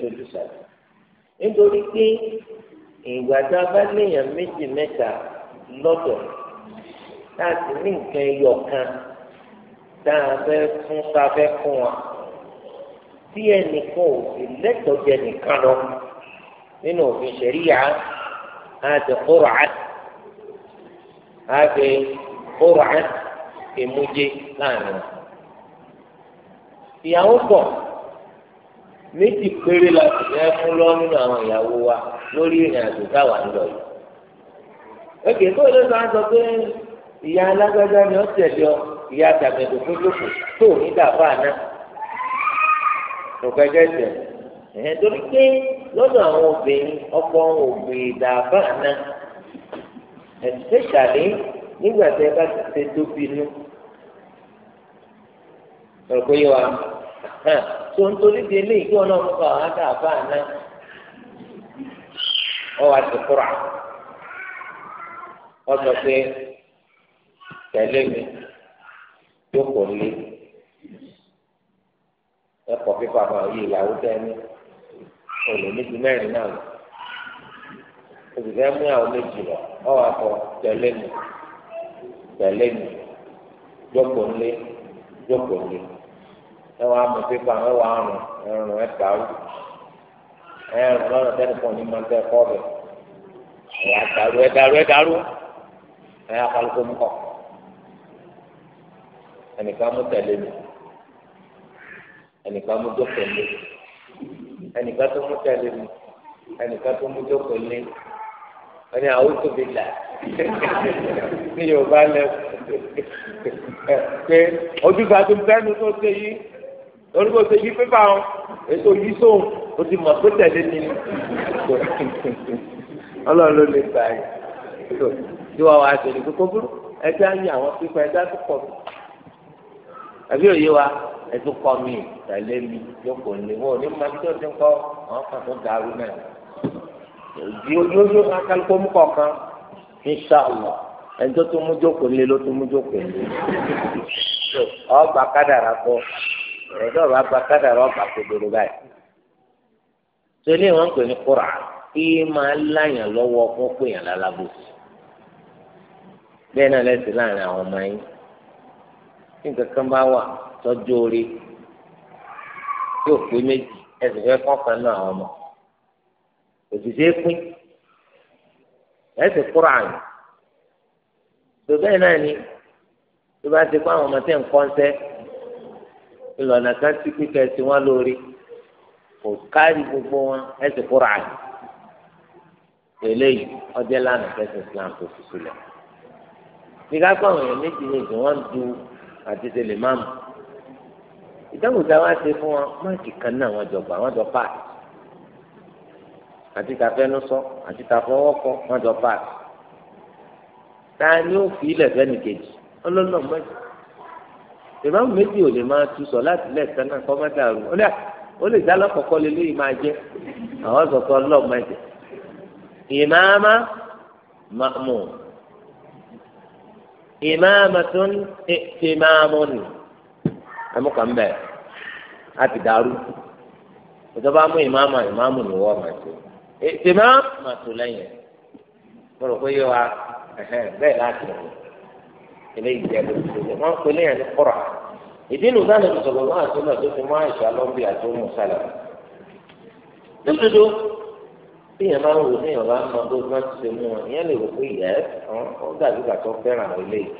tó dùsàjò. nítorí pé ìgbà a bá léèyàn méjì mẹ́ta lọ́dọ̀ láti ní nǹkan yọ kan. tá a fẹ́ fún tá a fẹ́ fún wa tí ẹnìkan ò sì lẹ́tọ̀ọ́ jẹ nìkan lọ nínú òfin ṣẹ̀ríyà á ti kóra á á fi kóra á èmújẹ láàrin wọn. ìyàwó pọ̀ méjì péré la sì fẹ́ fún lọ nínú àwọn ìyàwó wa lórí ìrìn àjò táwa ń lọ yìí. ó kì kó ló sọ pé ìyá alágbádá ni ó tẹ̀lé ọ. ìyá àtàgbẹ̀dò fún lóko tó ní dàbọ̀ àná òkè gẹ́gẹ́ ẹ̀hẹ́n torí pé lọ́dọ̀ àwọn obìnrin ọkọ òbèrè dàbọ̀ àná especially nígbà tí ẹ bá ti ṣe tóbi nú ọ̀pọ̀ yìí wa tó ń torí di eléyìí kí wọn náà fún àwọn àdàbọ̀ àná ọwọ́ àti kúrà ọ sọ pé jókòó lé pípa kan yìí ìyàwó tẹni olè náà lọ mú àwọn méjì lọ ọwọ́ akọ tẹ̀lé mi tẹ̀lé mi jókòó lé jókòó lé ẹwà mú pípa ẹwà àrùn ẹrùn ẹdàrú ẹrùn lọ́nà tẹnifọ̀n ní máa ń tẹ kọ́ bẹ̀ ẹ̀yà ẹdàrú ẹdàrú ẹdàrú ẹ̀yà ẹnìkan mú tẹ̀lé mi ẹnìkan mú jókòó lé ẹnìkan tó mú tẹ̀lé mi ẹnìkan tó mú jókòó lé wọ́n ní àwọn tóbi là ní yorùbá lẹ́kọ̀ọ́ pé ojúgbà tó ń bẹ́nu tó ṣe yí lórí bó ṣe yí pépà wọn ètò yí sóhun ó ti mọ̀ pé tẹ̀lé mi ni ọlọ́run ló lè gbà yìí tí wọ́n wá ṣe ní kókó búrú ẹjẹ́ á yin àwọn pípa ẹjẹ́ á tó pọ̀ bíi àbí òye wa ẹtú kọ mi tẹ̀lé mi yókò ní wọ́n ní ma tí o ti ń kọ́ àwọn kan tó dàrú náà yóò yóò yóò akálùkò mú kọ̀ọ̀kan inṣàlá ẹni tó tún mú jókòó lé ló tún mú jókòó lé ọgbà kádàrà kọ ọ̀dọ́ ọba gba kádàrà ọgbà kodoro báyìí tó ní wọn pè ní kúrà kí máa láyàn lọ́wọ́ fún pèèyàn lálábòsí bẹ́ẹ̀ náà lẹ́sìn láàrin àwọn ọmọ yín tí nǹkan kan bá wà tọ́jú orí tí ò pé méjì ẹsẹ̀ fẹ́ kọ́kàn náà àwọn ọmọ òṣìṣẹ́ pín ẹsẹ̀ kúrò àyè tó bẹ́ẹ̀ náà ni tó bá ti kó àwọn ọmọ tẹ̀ ń kọ́ńsẹ́ ìlànà kan tí kíkẹ́ tí wọ́n lórí kò kárí gbogbo wọn ẹsẹ̀ kúrò àyè eléyìí ọjọ́ lánàá fẹsẹ̀ Islam tó fi sílẹ̀ bí ká kọ́ àwọn èèyàn méjì méjì wọ́n ń du àti tẹlẹ máàmù ìdáhùn tá a wá ṣe fún wọn máàkì kan náà wọn jọ gbà wọn jọ paasi àti tàfẹnu sọ àti tàfọwọkọ wọn jọ paasi ta ni ó fi ilẹ̀ fẹ́ni kejì ọlọ́nà mẹ́jọ ìmáàmù méjì ò lè máa tu sọ láti lẹ́ẹ̀kan náà kọ́ mẹ́ta rù ó lẹ́à ó lè dá lọ́kọ̀ọ́kọ́ lélẹ́yìí máa jẹ́ àwọn sọ̀kọ́ ọlọ́ọ̀ mẹ́jọ ìmáàmàtún ìmáàmùnì amúkàn bẹ́ẹ̀ á ti dàrú ìjọba mú ìmáàmà ìmáàmù ni wọ́n máa ṣe ìmáàmàtún lẹ́yìn mo rò pé yé wa bẹ́ẹ̀ láti rìn eléyìí jẹ́ lóṣù tó lé wọ́n pe léyìn ní kọ́ra ìdí nù sáà lóṣù tó lọ́wọ́ náà tó fi mọ́ àìsàn lọ́nbí àti ọmọ sálà lóṣù téèyàn bá ń wò téèyàn bá ń mọ bó bá ti ṣe mú wọn ìyẹn lè rò pé yẹ ọ dàbí gbàtọ fẹ́ràn àwọn eléyìí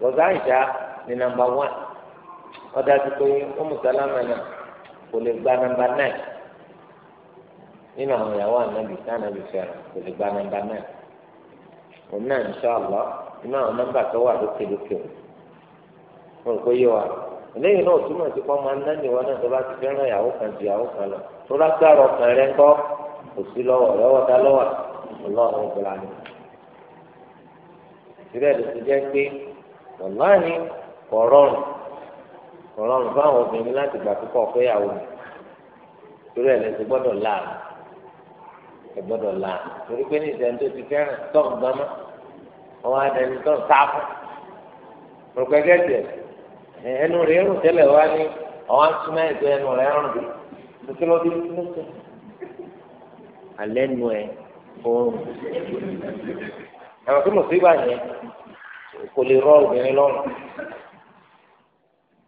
bọ̀dá àìsà ní nàmbà wán wọ́n dájú pé ọmọ sálámà náà kò lè gba nàmbà náà nínú àwọn ìyàwó ànábì tí ànábì fẹ́ràn kò lè gba nàmbà náà òun náà insha Allah nínú àwọn nọ́mbà tó wà lókè lókè o rò pé yé wa eléyìí náà túmọ̀ sí pé ọmọ anáníwọ̀ náà tó bá ti fẹ́ràn ìyàwó kan ju ìyàwó kan lọ tó lágbára ọkàn rẹ ńkọ́ kò sí lọ́wọ́ lọ́wọ́ dá lọ́wọ́ ọlọ́run ìgbàlá ni. ìrẹ́ ló ti jẹ́ pé ọ̀la ni kò rọrùn kò rọrùn fáwọn obìnrin láti gbà púpọ̀ fẹ́yàwó mi torí ẹ̀ lẹ́sìn gbọ́dọ̀ láàmú ẹ̀ gbọ́dọ̀ láàmú torí pé ní ìsẹ̀ni tó ti fẹ́ràn tọ́ọ̀ gbámá ọwọ́ adẹni tọ́ọ̀ sáfù rògbẹ́gẹ́dẹ̀ ẹnu rẹ̀ rùn tẹ́lẹ̀ wá ní ọwọ́ alẹ́ nu ẹ oorun àwọn tó mọ̀ sí ìgbà yẹn kò lè rọ obìnrin lọ́rùn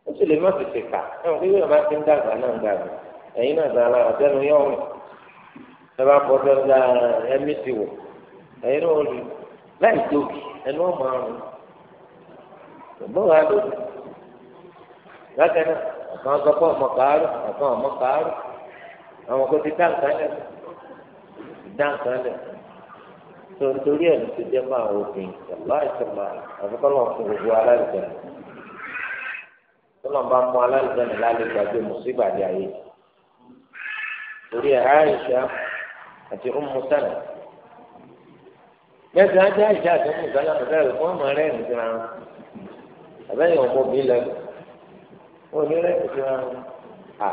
ó sì lè má tètè kà ẹ̀wọ̀n pé yóò bá ti ń dàgbà náà ń dàgbà ẹ̀yin náà dára àtẹnu yọ̀ ọ̀rùn ẹ bá bọ́ sọ́dọ̀ dára ẹ̀mí ti wò ẹ̀yin náà rí láì tóbi ẹnu ọmọ àrùn ìbọn wa ló lákẹ́ náà àwọn sọ pé ọmọ kàárọ̀ àwọn ọmọ àwọn kò ti dá nǹkan dá nǹkan lẹ̀ tó nítorí ẹ̀ ló ti jẹ́ fún àwọn obìnrin ṣàlá ìṣàlá àfikọ́lọ́ fún gbogbo aláìsàn tọ́lọ́ bá mú aláìsàn lálẹ́ gbàgbé mùsùlùmí àdé ayé torí ẹ̀ Aisha àti Ummu Salama mẹ́sàn án jẹ́ Aisha àti Ummu Salama àti ẹ̀rọ fún ọmọ rẹ̀ nìkan àbẹ́yẹ̀ ọmọ mi lẹ́nu wọn ní rẹ̀ nìkan à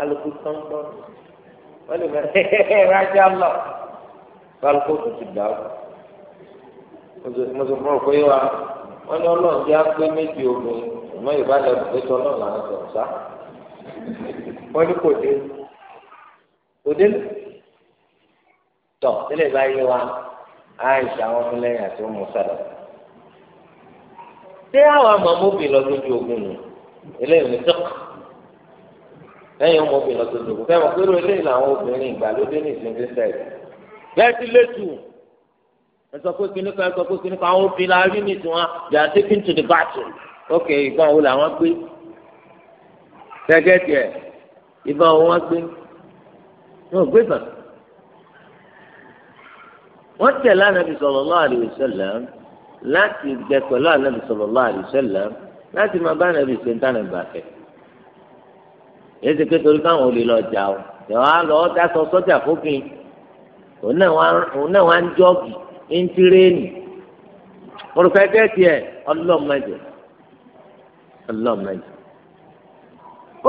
alùpùpù tán wọ́n lè mẹ́rin rájà lọ kálukóòtù ti dà ó mo sọ fún ọ pé wa wọn ní ọlọ́run jẹ́ apé méjì obìnrin ìmọ̀ ìbálẹ̀ ìgbésọ̀ náà là ń sọ sá wọn ní kò dé kò dé tọ̀ sílẹ̀ bá yé wa àìsàn àwọn ọmọlẹ́yìn àti ọmọ sálọ ṣé àwọn amọ̀mọ́bì lọ lójú ogun nù eléyìí ní tọ́kù lẹ́yìn ọmọbìnrin lọ lójú ogun fẹ́ràn pé lóyún eléyìí làwọn obìnrin ìgbàlódé ní ìsinmi sẹ́yìn ventilate ẹ sọ pé kíní kan ẹ sọ pé kíní kan àwọn obìnrin la rí ní tiwọn they are taken to the bathroom ok ìbọn wo làwọn gbé gẹ́gẹ́ tiẹ̀ ìbọn wo wọ́n gbé wọ́n gbé bàtà wọ́n tẹ̀lé anabi sallallahu alaihi wasallam láti gbẹ pẹ̀lú anabi sallallahu alaihi wasallam láti máa bá anabi sèǹtà nàbì bàfẹ́ èyí ti kékeré káwọn olè lọ jà o ìwà lọ dá sọ sọ́jà fókin òun náà wá ń jọ́ọ̀gì ń tiréènì orúkọ ẹgbẹ́ tiẹ̀ ọlọ́mọdé ọlọ́mọdé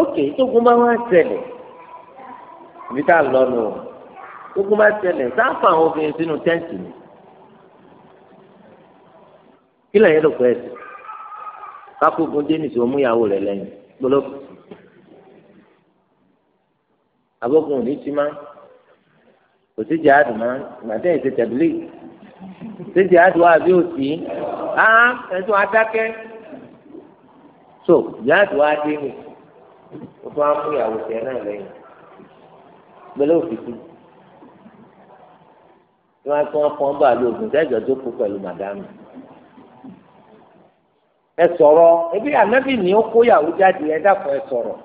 ókè tógun bá wá ṣẹlẹ̀ ibi tá a lọ nù ọ tógun bá ṣẹlẹ̀ sáfà àwọn obìnrin sínú tẹ́ǹtì ni kí lẹ́yìn ló pẹ́ sí kákógun dénìsì omúyàwó rẹ̀ lẹ́yìn gbọ́dọ̀ àbókùn ò ní ti máa kò sí jihad mọ́ ìgbàdé ètò tẹ̀bílì sí jihad wà bí òsì áhán ẹ̀sùn adákẹ́ so jihad wà dé mi ó fún amúyàwó tẹ̀ náà lẹ́yìn gbẹlẹ́ òfìsí tí wọ́n á tún wọn fọ́n bá lóògùn tẹ́jọ́ tó kú pẹ̀lú màdámù ẹ sọ̀rọ̀ ebi anabi ni ó kó yàwó jáde ẹ dàpọ̀ ẹ sọ̀rọ̀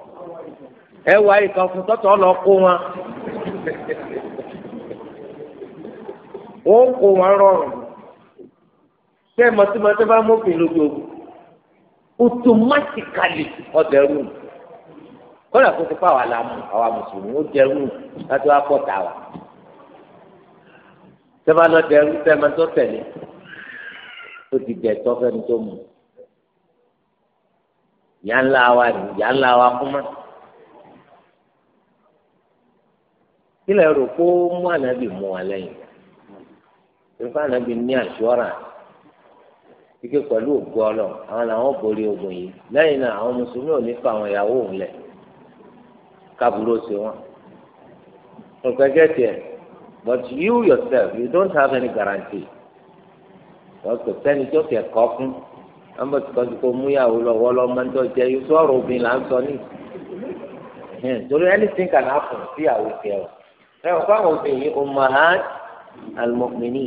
ẹ wá ìkan fún tọ́tọ̀ lọ kó wọn wọ́n kó wọn rọrùn tẹ́ mọ̀tímọ̀tí bá mọ́kìn lójú ogun automatically ọ̀dẹ̀rù kọ́lá kó ti pa àwa lámú àwa mùsùlùmí ó dẹrù láti wá pọ̀ tà wá tẹ́fà lọ dẹrù tẹ́fà tó tẹ̀lé ó ti dẹ̀ tọ́fẹ́ni tó mú ìyá ńlá wa ni ìyá ńlá wa kú mọ́. kílẹ̀ rò kó mú ànábì mú wa lẹ́yìn tẹlifà nàbì ní assurance ike pẹ̀lú ògo ọlọ àwọn làwọn borí ogun yìí lẹ́yìn náà àwọn mùsùlùmí ò ní fa àwọn ìyàwó òun lẹ̀ kábúrò ṣe wọn. nǹkan gẹ́tì ẹ̀ but you yourself you don't have any guarantee. wọ́n kò sẹ́ni tó kẹ̀ kọ́ fún wọ́n bọ̀ tí kọ́sí kó mú ìyàwó lọ́wọ́ lọ́mọ tó jẹ́ yóò sọ̀rọ̀ obìnrin là ń sọ ní. torí anything can happen sí àwọn ìfẹ́ ọ̀ ẹ̀ wọ́n fáwọn obìnrin ọmọ ha almọ́mìnì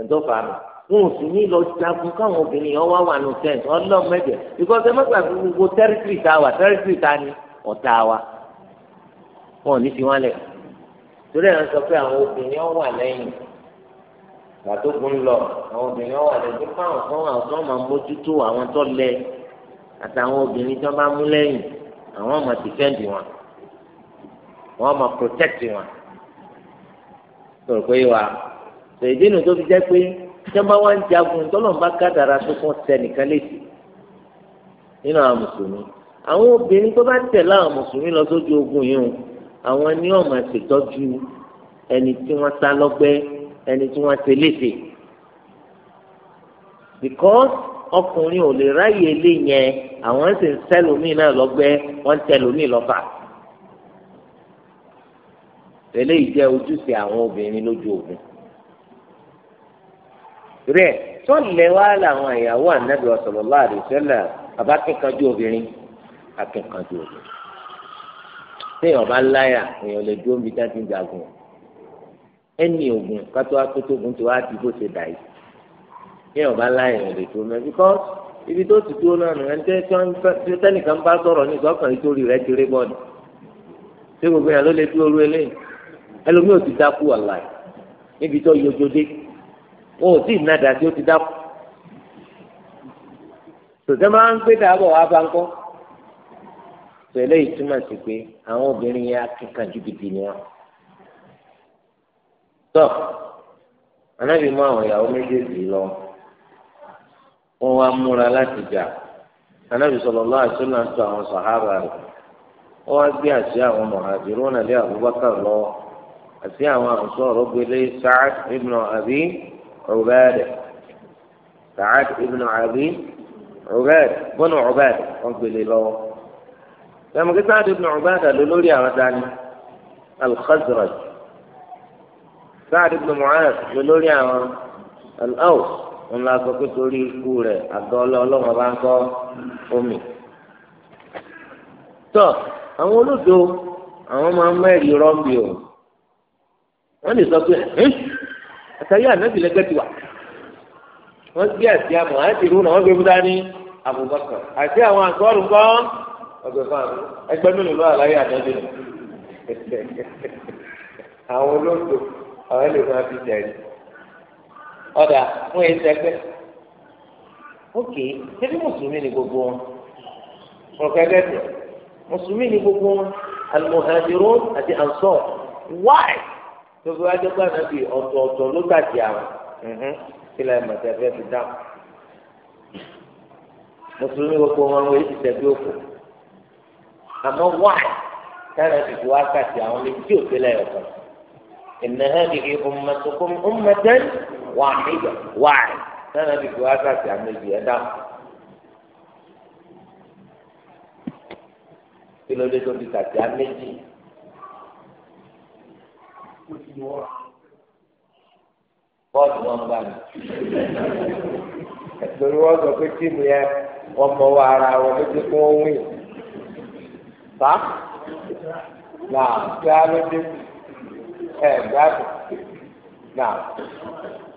ẹ̀ńtọ́ fà mí wọn ò sì ní lọ jagun káwọn obìnrin yẹn wá wà ní tẹ́ǹtì ọlọ́mọdé because ẹ má gbàgbé gbogbo tẹ́rítìrì tá a wà tẹ́rítìrì tá a ní ọ̀tá wa wọn ò ní fi wọn lẹ̀ torí ẹ̀ ń sọ pé àwọn obìnrin ọ̀ wà lẹ́yìn gbàtógun lọ àwọn obìnrin ọ̀ wà lẹ́yìn fáwọn kan wà tó máa mójútó àwọn tó lẹ àtàwọn obìnrin tó bá mú lẹ́yìn àwọn máa dìfẹ́ǹdì wọn wọn máa protect wọn ṣèdí nu tó fi jẹ́ pé jọba wa ń jagun tọ́lọ́mùbá kádàrà tó fún sẹ́nìkan létí nínú àwọn mùsùlùmí àwọn obìnrin tó bá tẹ̀lé àwọn mùsùlùmí lọ sójú ogun yìí o àwọn ni wọ́n máa ṣètọ́jú ẹni tí wọ́n sá lọ́gbẹ́ ẹni tí wọ́n ṣe létí because ọkùnrin ò lè ráyè ilé yẹn àwọn sì ń sẹ́lómìn náà lọ́gbẹ́ wọ́n ń tẹ̀lómìn lọ́fà. eléyìí jẹ́ ojúṣe àwọn obìnrin lójú ogun rẹ̀ sọ́lẹ̀ wá làwọn ìyàwó ànábì sallallahu alaihi wasallam bàbá kíkanjú obìnrin akíkanjú obìnrin téèyàn bá láyà èèyàn lè dúró níbi tá a ti ń jagun ẹni ogun kátó akótógun tó wá ti bó ṣe dà yìí téèyàn bá láyà èèyàn lè dúró mẹ because ibi tó ti dúró náà nù ẹni tẹ́ tẹ́nìkan bá sọ̀rọ̀ ní ìsọ̀kan ìtòrí rẹ̀ ti rí bọ́ọ̀dù ṣé gbogbo yẹn ló lè dúró rú eléyìí ẹlòmíì ò ti dákú wàláì níbi tó yọjọ dé wọn ò tí ì nàdà tí ó ti dákú tòtẹ́ máa ń gbé dàbọ̀ wá bá ń kọ́ pẹ̀lú ìtumọ̀ sí pé àwọn obìnrin yẹn akíkanjú gidi ni wọn. tọ́ anábì mú àwọn ìyàwó méjèèjì lọ wọn wá múra láti jà anábì sallallahu alaihi wasallam tó àwọn sàhábà rẹ̀ wọn wá gbé àwọn Abubakar lọ àti àwọn àǹsọ̀ ọ̀rọ̀ gbélé Sa'ad ibn عبادة سعد ابن عبيد عبادة بنو عبادة أقبل الله لما قلت سعد ابن عبادة لولوريا مثلا الخزرج سعد بن معاذ لولوريا الأوس wọn lọ sọ pé torí ikú rẹ̀ àgọ́ ọlọ́wọ́ bá ń kọ́ omi. tọ́ àwọn olódo àwọn máa ń mẹ́rin rọ́ọ̀bì o wọ́n lè sọ pé àtàyé ànábì lẹ́gbẹ́ ti wà wọ́n gbé àti àmọ̀ àti ìrú náà wọ́n gbé fúdá ní Abubakar àti àwọn àgọ́rù ńkọ́ ọgbẹ́ fún àbí ẹgbẹ́ mélòó lọ́wọ́ àlàyé ànábì nù àwọn olóòtú àwọn lè máa fi jẹ̀rí fún ẹsẹ̀ ẹgbẹ́ ókè ṣébí mùsùlùmí ni gbogbo wọn mọ̀kẹ́gẹ́sì mùsùlùmí ni gbogbo wọn almuhajirun àti ansor wáyé tóbi wájú gbà nàbì ọ̀tọ̀ọ̀tọ̀ ló gbàdí àwọn mm-hmm. kílẹ̀ mọ̀tẹ́ fẹ́ fi dáhùn mùsùlùmí gbogbo wọn wọ́n ti tẹ̀gbé òkú àmọ́ wáì táwọn ti fi wákàtí àwọn lè tí òkè lẹ́yọ̀ kan ìnà hàn kìkì ọmọdékùn ọmọdé wáì wáì táwọn ti fi wákàtí àwọn lè yẹ dáhùn. kí ló dé tó fi kàtí àwọn méjì. bọ́ọ̀lù wọn bá mi torí wọ́n sọ pé tíìmù yẹn mọ ara wọn lójú kí wọ́n wí bá náà kí ló dé ẹ gbádùn náà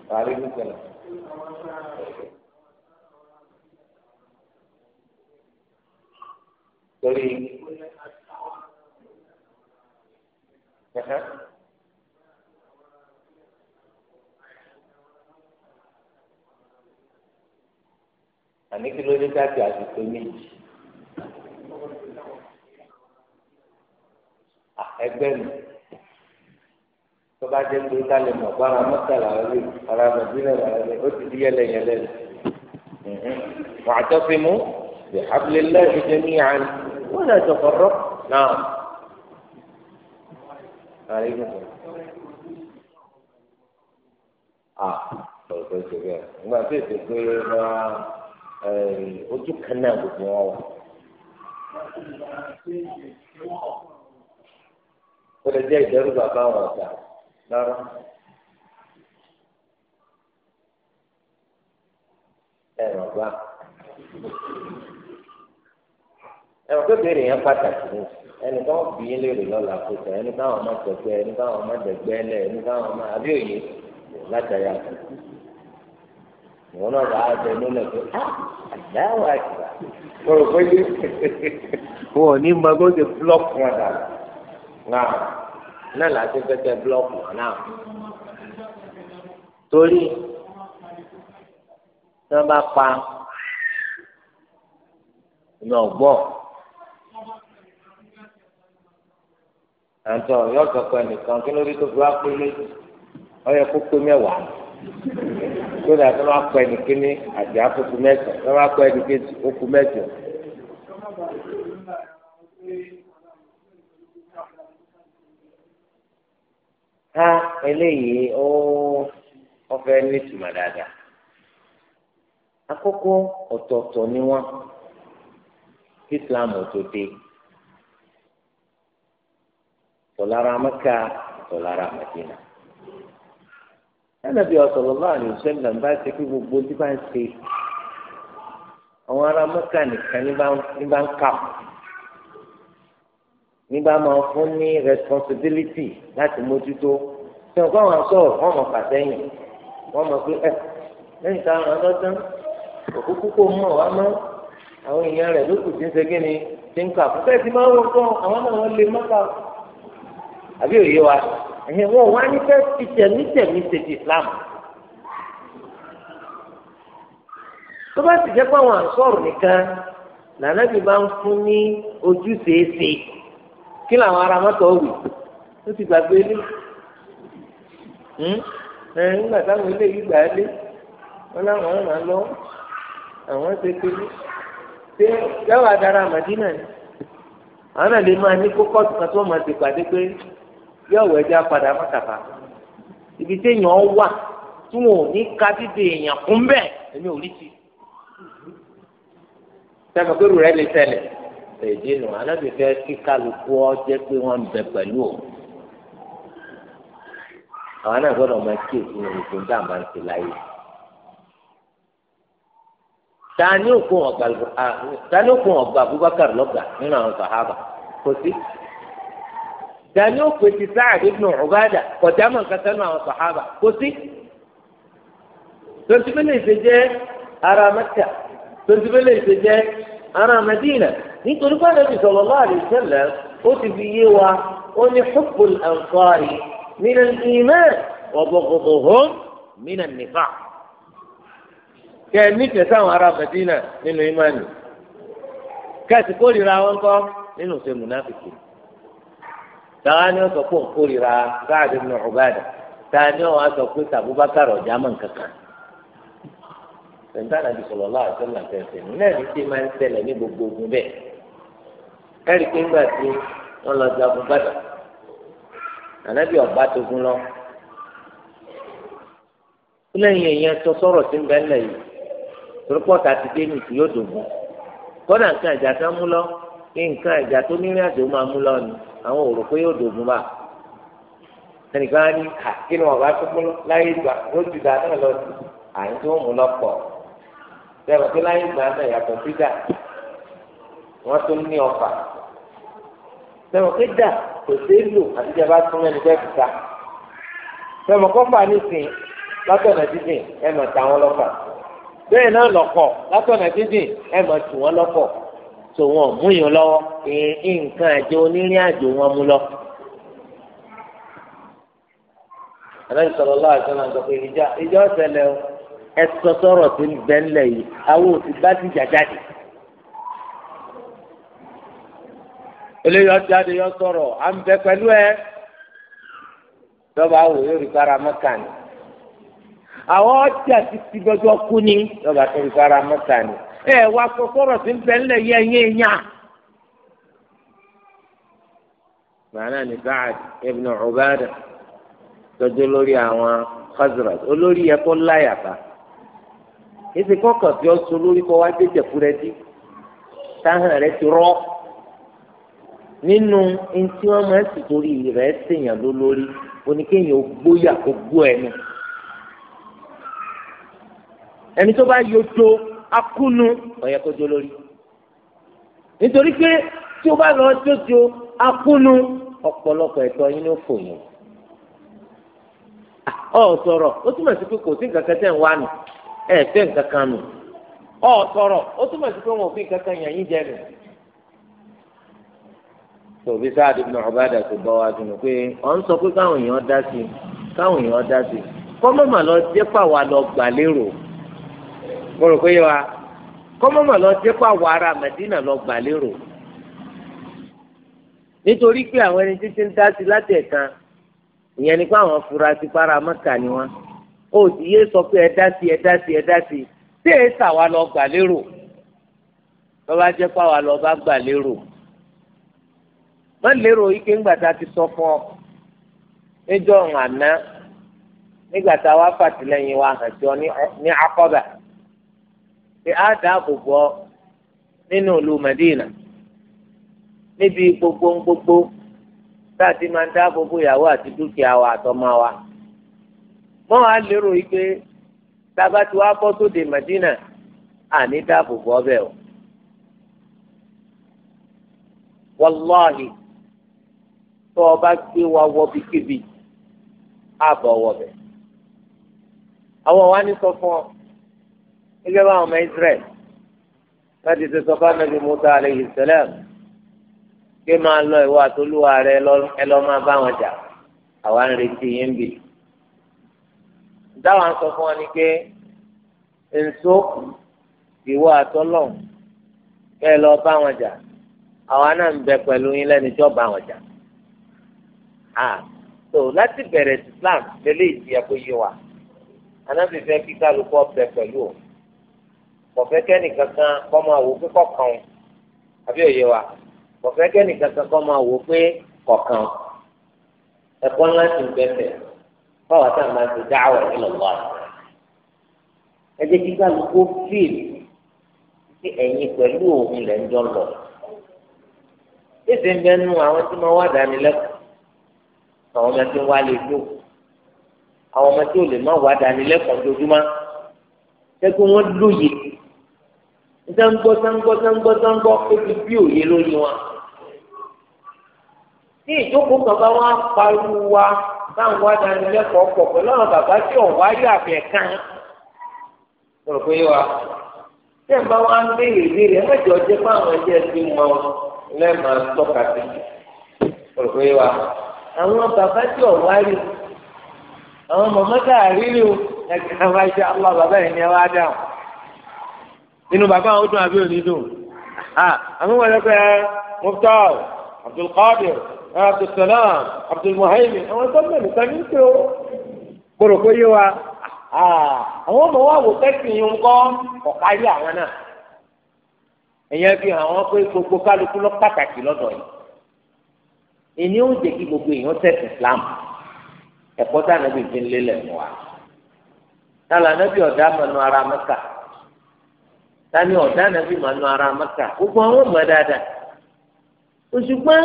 wàá rí nígbà náà. àní kí ló dé káàkiri àsìkò méjì ẹgbẹ́ mi tó bá jẹ́ pé ká lè mọ̀ bára mọ́tàlá rẹ̀ ara mọ̀dínà rẹ̀ ó ti di yẹlẹyẹlẹ rẹ̀ wa'tasimu bihablillahi jami'an wa la tafarraqu náà. Ah, ọ̀rọ̀ tó ṣe bẹ́ẹ̀. Nígbà tí ètò Eh, ojú kan náà gbogbo wọn wà. ó lè jẹ́ ìdẹ́rùbà báwọn ọ̀gá lára. ẹ̀rọ gbá ẹ̀rọ tó béèrè yẹn pàtàkì ni ẹni yín lọ́la ẹni tẹ̀gbẹ́ ẹni dẹ̀gbẹ́ ẹni ìwọ náà bá bẹ lọ́lẹ̀ pé àdáwà ìgbà mo rò pé wọn ò ní mọ gbọ́dọ̀ búlọ́ọ̀kù wọn dà náà náà láti fẹ́kẹ́ búlọ́ọ̀kù wọn náà torí tí wọ́n bá pa ìmọ̀ ọ̀gbọ́ àǹtọ̀ yọ̀ọ̀kọ̀kọ̀ nìkan kí ló dé tó fi wá pé ọ yẹ kó pé mẹ́wàá sódà tó bá kọ ẹnìkíní àjà kókó mẹ́jọ tó bá kọ ẹnìkejì kókó mẹ́jọ. ha eléyìí ó ọfẹ nítumọ̀ dáadáa àkókò ọ̀tọ̀ọ̀tọ̀ ni wọn islam tó dé tọ̀lára mẹ́ka tọ̀lára ẹnàbí sallallahu alaihi wasallam bá ṣe pé gbogbo tí bá ń ṣe àwọn ará mọ́kà nìkan ní bá ń kà ní bá máa fún ní responsibility láti mójútó ṣe nǹkan àwọn sọ̀rọ̀ wọ́n mọ̀ pàtẹ́yìn wọ́n mọ̀ pé ẹ eh, lẹ́yìn táwọn ọlọ́dún òkúkú kò mọ̀ wá mọ́ àwọn èèyàn rẹ̀ lókùn tí ń ṣe kí ni ti ń kà fún bẹ́ẹ̀ ti máa ń wọ́n kọ́ àwọn náà wọ́n lè mọ́kà àbí òye wa. ẹ̀yìn wọn wá ní fẹ́ fi tẹ̀mí tẹ̀mí ṣètì islam. tó bá sì jẹ́ pé àwọn àǹsọ̀rù nìkan lànàbí máa ń fún ní ojúṣe é ṣe kí làwọn ará mọ́tò wì ó ti gbàgbé lé hmm? nígbà táwọn eléyìí gbà lé wọn láwọn ọ̀ràn lọ àwọn ṣe pé ṣé yàrá dára màdínà ni àwọn náà lè máa ní kókọ́ọ̀tù kan tó máa ti pàdé pé. yọ ọwọ ẹjẹ apàdà mọtàbà ibi téèyàn wà tí wọn ò ní ka dídè èèyàn kún bẹ́ẹ̀ èmi ò rí ti sẹfẹ pé rẹ lè ṣẹlẹ̀ èdè nù alábìfẹ kíkálukú ọ jẹ pé wọn bẹ pẹ̀lú o àwọn náà gbọ́dọ̀ máa kí èsì ní ìpín tá a máa ń ṣe láyé tani òkun ọgbà abubakar lọgà nínú àwọn sàhábà kò sí dání ó pè ti Sa'ad ibn Ubadah kọjá mọ̀ kankan nù àwọn sàhábà kò sí. tontibele ìṣe jẹ́ ara Mẹ́kà tontibele ìṣe jẹ́ ara Madina nítorí pàdé ti sallallahu alaihi wasallam ó ti fi yé wa ó ní hubbul ansari min al-iman wa bughduhum min ẹ nífẹ̀ẹ́ sáwọn ará Madina nínú ìmánì kẹ́ ẹ sì kórìíra wọn kọ́ nínú ìṣe mùnáfíkì tàwa ni ó sọ pé òun kórìíra káàdì nù ọ̀bàdà tàwa ni ó sọ pé tàbúbákàrọ̀ ọ̀já mọ̀ nǹkankan sèǹtànà bí sọlọ lọ àti ọlọ àtẹsẹ ní náà ní tí máa ń ṣẹlẹ̀ ní gbogbo ogun bẹ́ẹ̀ ẹrí pé ńgbà tí wọn lọ sí ọkùn bàtà ànábì ọba tó gún lọ lẹ́yìn èèyàn sọ sọ̀rọ̀ sí nbẹ ńlẹ yìí torípọtà ti dé nìkú yóò dògún kódà nǹkan ìjà tó mú lọ kí nǹkan ìjà tó nírìn àjò máa mú lọ ni àwọn ò rò pé yóò dògùn bá ẹnìkan á ní kí ni wọn bá tó gbọ́ láyé ìgbà ló ti dà náà lọ sí àyè tó mú lọ́pọ̀ bẹ́ẹ̀ wọ́n pé láyé ìgbà náà yàtọ̀ sí dà wọ́n tó ní ọfà bẹ́ẹ̀ wọ́n pé dà kò séé lò àtijọ́ bá tún ẹni bẹ́ẹ̀ kúta bẹ́ẹ̀ wọ́n kọ́fà nísìn látọ̀nà dídìn ẹ̀ mọ̀ tà wọ́n lọ́fà bẹ́ẹ̀ náà lọ́kọ̀ látọ̀nà dídìn ẹ̀ mọ̀ tù wọ́n lọ́kọ̀. so wọn mú yín lọ́wọ́ nǹkan àjọ onírìn àjò wọn lọ. àlejò sọ̀rọ̀ lọ́wọ́ àti ọ̀nà àgbà ìjà ìjà ọ̀sẹ̀lẹ̀ o ẹ̀sọ́ sọ̀rọ̀ tó ń bẹ́ ńlẹ̀ yìí àwọn òsì bá ti jà jáde. eléyìí ọtí adé yọ sọ̀rọ̀ à ń bẹ pẹ̀lú ẹ àwọn ọtí àti kú ẹ wá sọ sọ̀rọ̀ sí ń bẹ ńlẹ̀ yẹ yín yàn. màánà ní Sa'ad ibn Ubadah tọ́jú lórí àwọn Khazraj olórí yẹ kó láyàtà èsì kọ́kàn tí ó so lórí kọ́ wá déjẹ̀ fúrẹ́dì táhàn rẹ ti rọ́ nínú ntí wọn máa ń sì torí rẹ̀ ṣèyàn ló lórí oníkéèyàn kó gbó ẹnu ẹni tó bá yọjó akúnu ọ̀yẹ́ kó jó lórí nítorí pé tí o bá lọ jójo ọ̀pọ̀lọpọ̀ ẹ̀tọ́ yín ló fò yín ọ̀ ah, sọ̀rọ̀ ó túmọ̀ sí pé kò sí nǹkan kan ń wá nù ẹ̀ fẹ́ nǹkan kan nù ọ̀ sọ̀rọ̀ ó túmọ̀ sí pé wọn ò fi nǹkan kan yàn yín jẹ nù tòbí sáàdì tó lọ jẹ́pà mo rò pé lọ jẹ́ ara Mẹ́dínà lọ gbà lérò nítorí pé àwọn ẹni títí ń dá sí láti ẹ̀kan ìyẹn ni pé àwọn afurasí para mọ́kà ni wọ́n ó ti yé sọ pé ẹ dá sí ẹ dá sí ẹ dá sí tí sà lọ gbà lérò wà lọ bá gbà lérò ike ti sọ fún ọ níjọ́ ọ̀hún àná fàtìlẹ́yìn wa hàn pé a dáàbò nínú ìlú Madina níbi gbogbo gbogbo láti ma máa ń dáàbò ìyàwó àti dúkìá wa àtọmọ wa mọ́ wa lérò yìí pé tába sóde Madina àní dáàbò bọ́ bẹ́ẹ̀ o wàláhì tó o bá gbé wa wọ àbọ̀ àwọn wa ní gẹ́gẹ́ bá àwọn ọmọ Israẹl láti ṣe sọ fún anabi Musa aleyhi salam pé máa lọ ìwọ àtolúwa rẹ ẹ lọ máa bá wọn jà àwa ń retí yín bì dáwọn sọ fún wọn ni pé nso ìwọ àtọlọ kẹ lọ bá wọn jà àwa náà ń bẹ pẹ̀lú yín lẹ́ni tí ó bá wọn jà so láti bẹ̀rẹ̀ Islam lélẹ́yìí ti yẹ yé wa anábìfẹ́ kíkálukú ọbẹ̀ pẹ̀lú òun kọfẹ kẹni kankan kọ máa wò pé kọkàn àbí òye wa kọfẹ kẹni kankan kọ máa wò pé kọkàn ẹ̀kọ́ ńlá ti ń bẹbẹ báwa tá a máa ti dáwọ ẹ lọ wá ẹ jẹ kí kálukú fíìlì tí ẹ̀yin pẹ̀lú òun lẹ ń jọ lọ èsì ń àwọn tí wọn wá dánilẹ́kọ̀ọ́ àwọn ọmọ tí wọn wá lè dó àwọn ọmọ tí ò lè má wá dánilẹ́kọ̀ọ́ dojúmọ́ tẹkọ wọn lóye sangbọ sangbọ sangbọ sangbọ ó ti bí òye lórí wọn tí ìjókòó kan bá wọn pariwo wa báwọn wá dání lẹ́kọ̀ọ́ pọ̀ pẹ̀lú àwọn bàbá tí ọwọ́ ayé àbẹ kan rò pé wa tí ẹ bá wọn béèrè béèrè ẹ mẹ́jọ jẹ fáwọn ẹjẹ ti mọ lẹẹma tọ́ka sí rò pé wa àwọn bàbá tí ọwọ́ ayé àwọn mọmọdé àrírí o ẹgbẹ́ àwọn ẹjẹ yẹn ni ẹ dáhùn nínú bàbá àwọn ọdún àbí òní dùn àwọn ọmọ ẹlẹgbẹ́ muftar abdulkadir abdulsalam abdulmuhaimin àwọn gómìnà nìkan ní pé ó gbọ́dọ̀ kó yé wa àwọn ọmọ wa wò tẹsí yín kọ ọkárí àwọn náà ẹ̀yẹ fi hàn wọ́n pé gbogbo kálukú lọ pàtàkì lọ́dọ̀ yìí èyí ó jẹ́ kí gbogbo èèyàn tẹ̀sí islam ẹ̀kọ́ tá ànábì fi ń lélẹ̀ mọ́ wa tá ànábì ọ̀dà mọ́nú ara mẹ́ka tani ọ̀dá nàbí màánu ara mẹ́ta gbogbo àwọn ọmọ dáadáa òṣùpọ̀n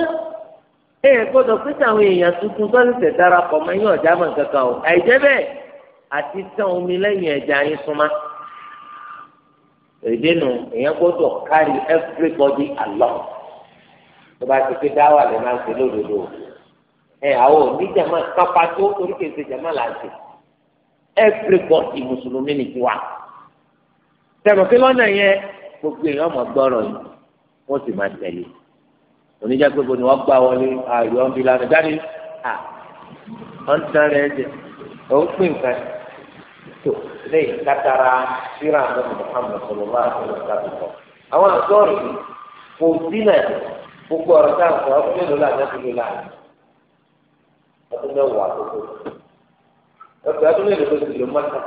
ẹ gbọ́dọ̀ pé táwọn èèyàn tuntun tó ṣẹ̀ṣẹ̀ darapọ̀ mọ́ ẹ̀yìn ọ̀dá mọ̀ kankan o àìjẹ́ bẹ́ẹ̀ àti tán omi lẹ́yìn ẹ̀já yín súnmọ́ èdè nu èèyàn gbọ́dọ̀ carry everybody along tó bá ti pé dáwà lè máa ń ṣe lódodo ẹ àwọn oníjàmá kápá tó oríkèsè jàmá là everybody mùsùlùmí ni tiwa tẹ̀mọ̀ pé lọ́nà yẹn gbogbo èèyàn mọ̀ gbọ́rọ̀ yìí wọ́n sì máa tẹ̀lé oníjà gbogbo ni wọ́n gbá wọlé ààyò ọ̀nbi lánàá jáde à wọ́n tán rẹ̀ jẹ òun pín nǹkan tó lẹ́yìn kátàrà síra àwọn Muhammad sọlọ́wọ́ àti ọ̀sán kọ̀ àwọn àgọ́rì kò dínà gbogbo ọ̀rọ̀ táwọn sọ̀rọ̀ fún mélòó làná fún mélòó làná ọdún mẹ́wàá gbogbo ọ̀sán ọdún mélòó ló ti lò mọ́ta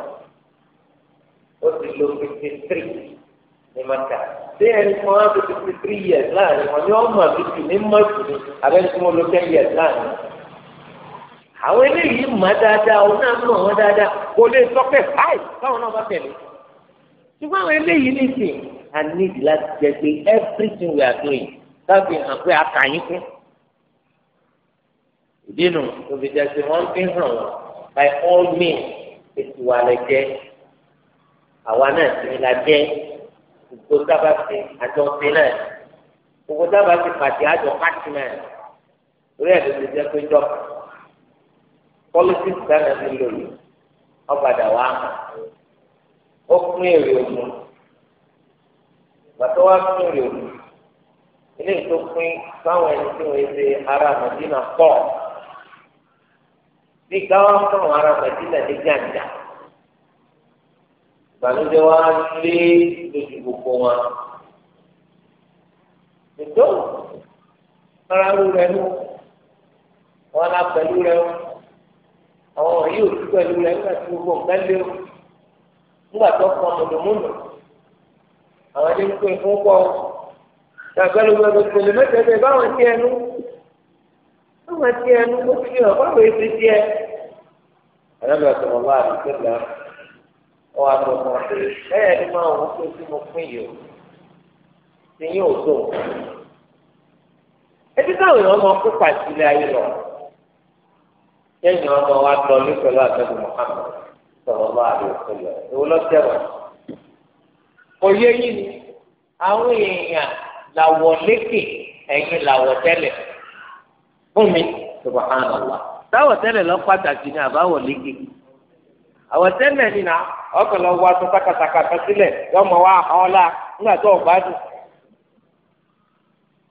ó ti lo fifty three ní maka ṣé ẹni tí wọ́n á fi fifty three years láàrin wọn ni wọ́n mọ̀ fífi ní mọ́tò ní tí wọ́n lo ten years láàrin àwọn eléyìí mọ̀ dáadáa òun náà mọ̀ wọ́n dáadáa kò lè sọ pé báyìí báwọn náà bá tẹ̀lé ṣùgbọ́n àwọn eléyìí ní sìn a need láti jẹ pé everything we are doing láti hàn pé a kà yín fún ìdí nu òbí jẹ pé wọ́n fi hàn wọ́n by all means ètò àlẹ́ jẹ́ àwa náà sì ní la jẹ́ gbogbo sábà ti àjọ ṣe náà gbogbo sábà ti pàtì àjọ pàtì náà orí ẹ̀ ló ti jẹ́ pé jọ politics dáná ti lò yìí ọ̀padà wà hàn ó pín èrè ògùn gbàtọ́ wá pín èrè ògùn ilé tó pín fáwọn ẹni tí wọ́n ṣe ara mọ̀dínà pọ̀ bí gáwá fún àwọn ará mọ̀dínà ní gàǹjà ìbànújẹ́ wa lé lójú gbogbo wọn. ètò ara rú rẹ nù wọn la pẹ̀lú rẹ àwọn yìí ò sí pẹ̀lú rẹ nígbà tí gbogbo nǹkan lé o nígbà tó kọ mùdùmùdù àwọn ẹni pé fún pọ ìgbàgbọ́ ló gbọdọ̀ pèlè mẹ́tẹ̀ẹ̀tẹ̀ báwọn ti ẹnu báwọn ti ẹnu ó ti hàn báwọn èsì tiẹ̀. ẹ̀rọ mi ọ̀sẹ̀ wọn bá àdúgbò náà ọwọ́ àtọkọ ẹyẹ ni máa wọ pé tí mo pín yìí o ti yín ò tó ẹbí táwọn èèyàn máa kó pàṣílẹ ayé lọ yẹnyìn ọmọ wa lọ ní pẹ̀lú àtẹkù Muhammad sọ̀rọ̀ lọ àdó ìpínlẹ̀ èwo lọtẹrọ kò yé yín ni àwọn èèyàn làwọ lékè ẹ̀yin làwọ tẹ́lẹ̀ fún mi subahánàlá táwọ tẹ́lẹ̀ lọ pàtàkì ní àbáwọ lékè. àwọn tẹ́lẹ̀ nínà ọkàn lọ wá aṣọ kan sílẹ̀ nígbà tó o gbádùn.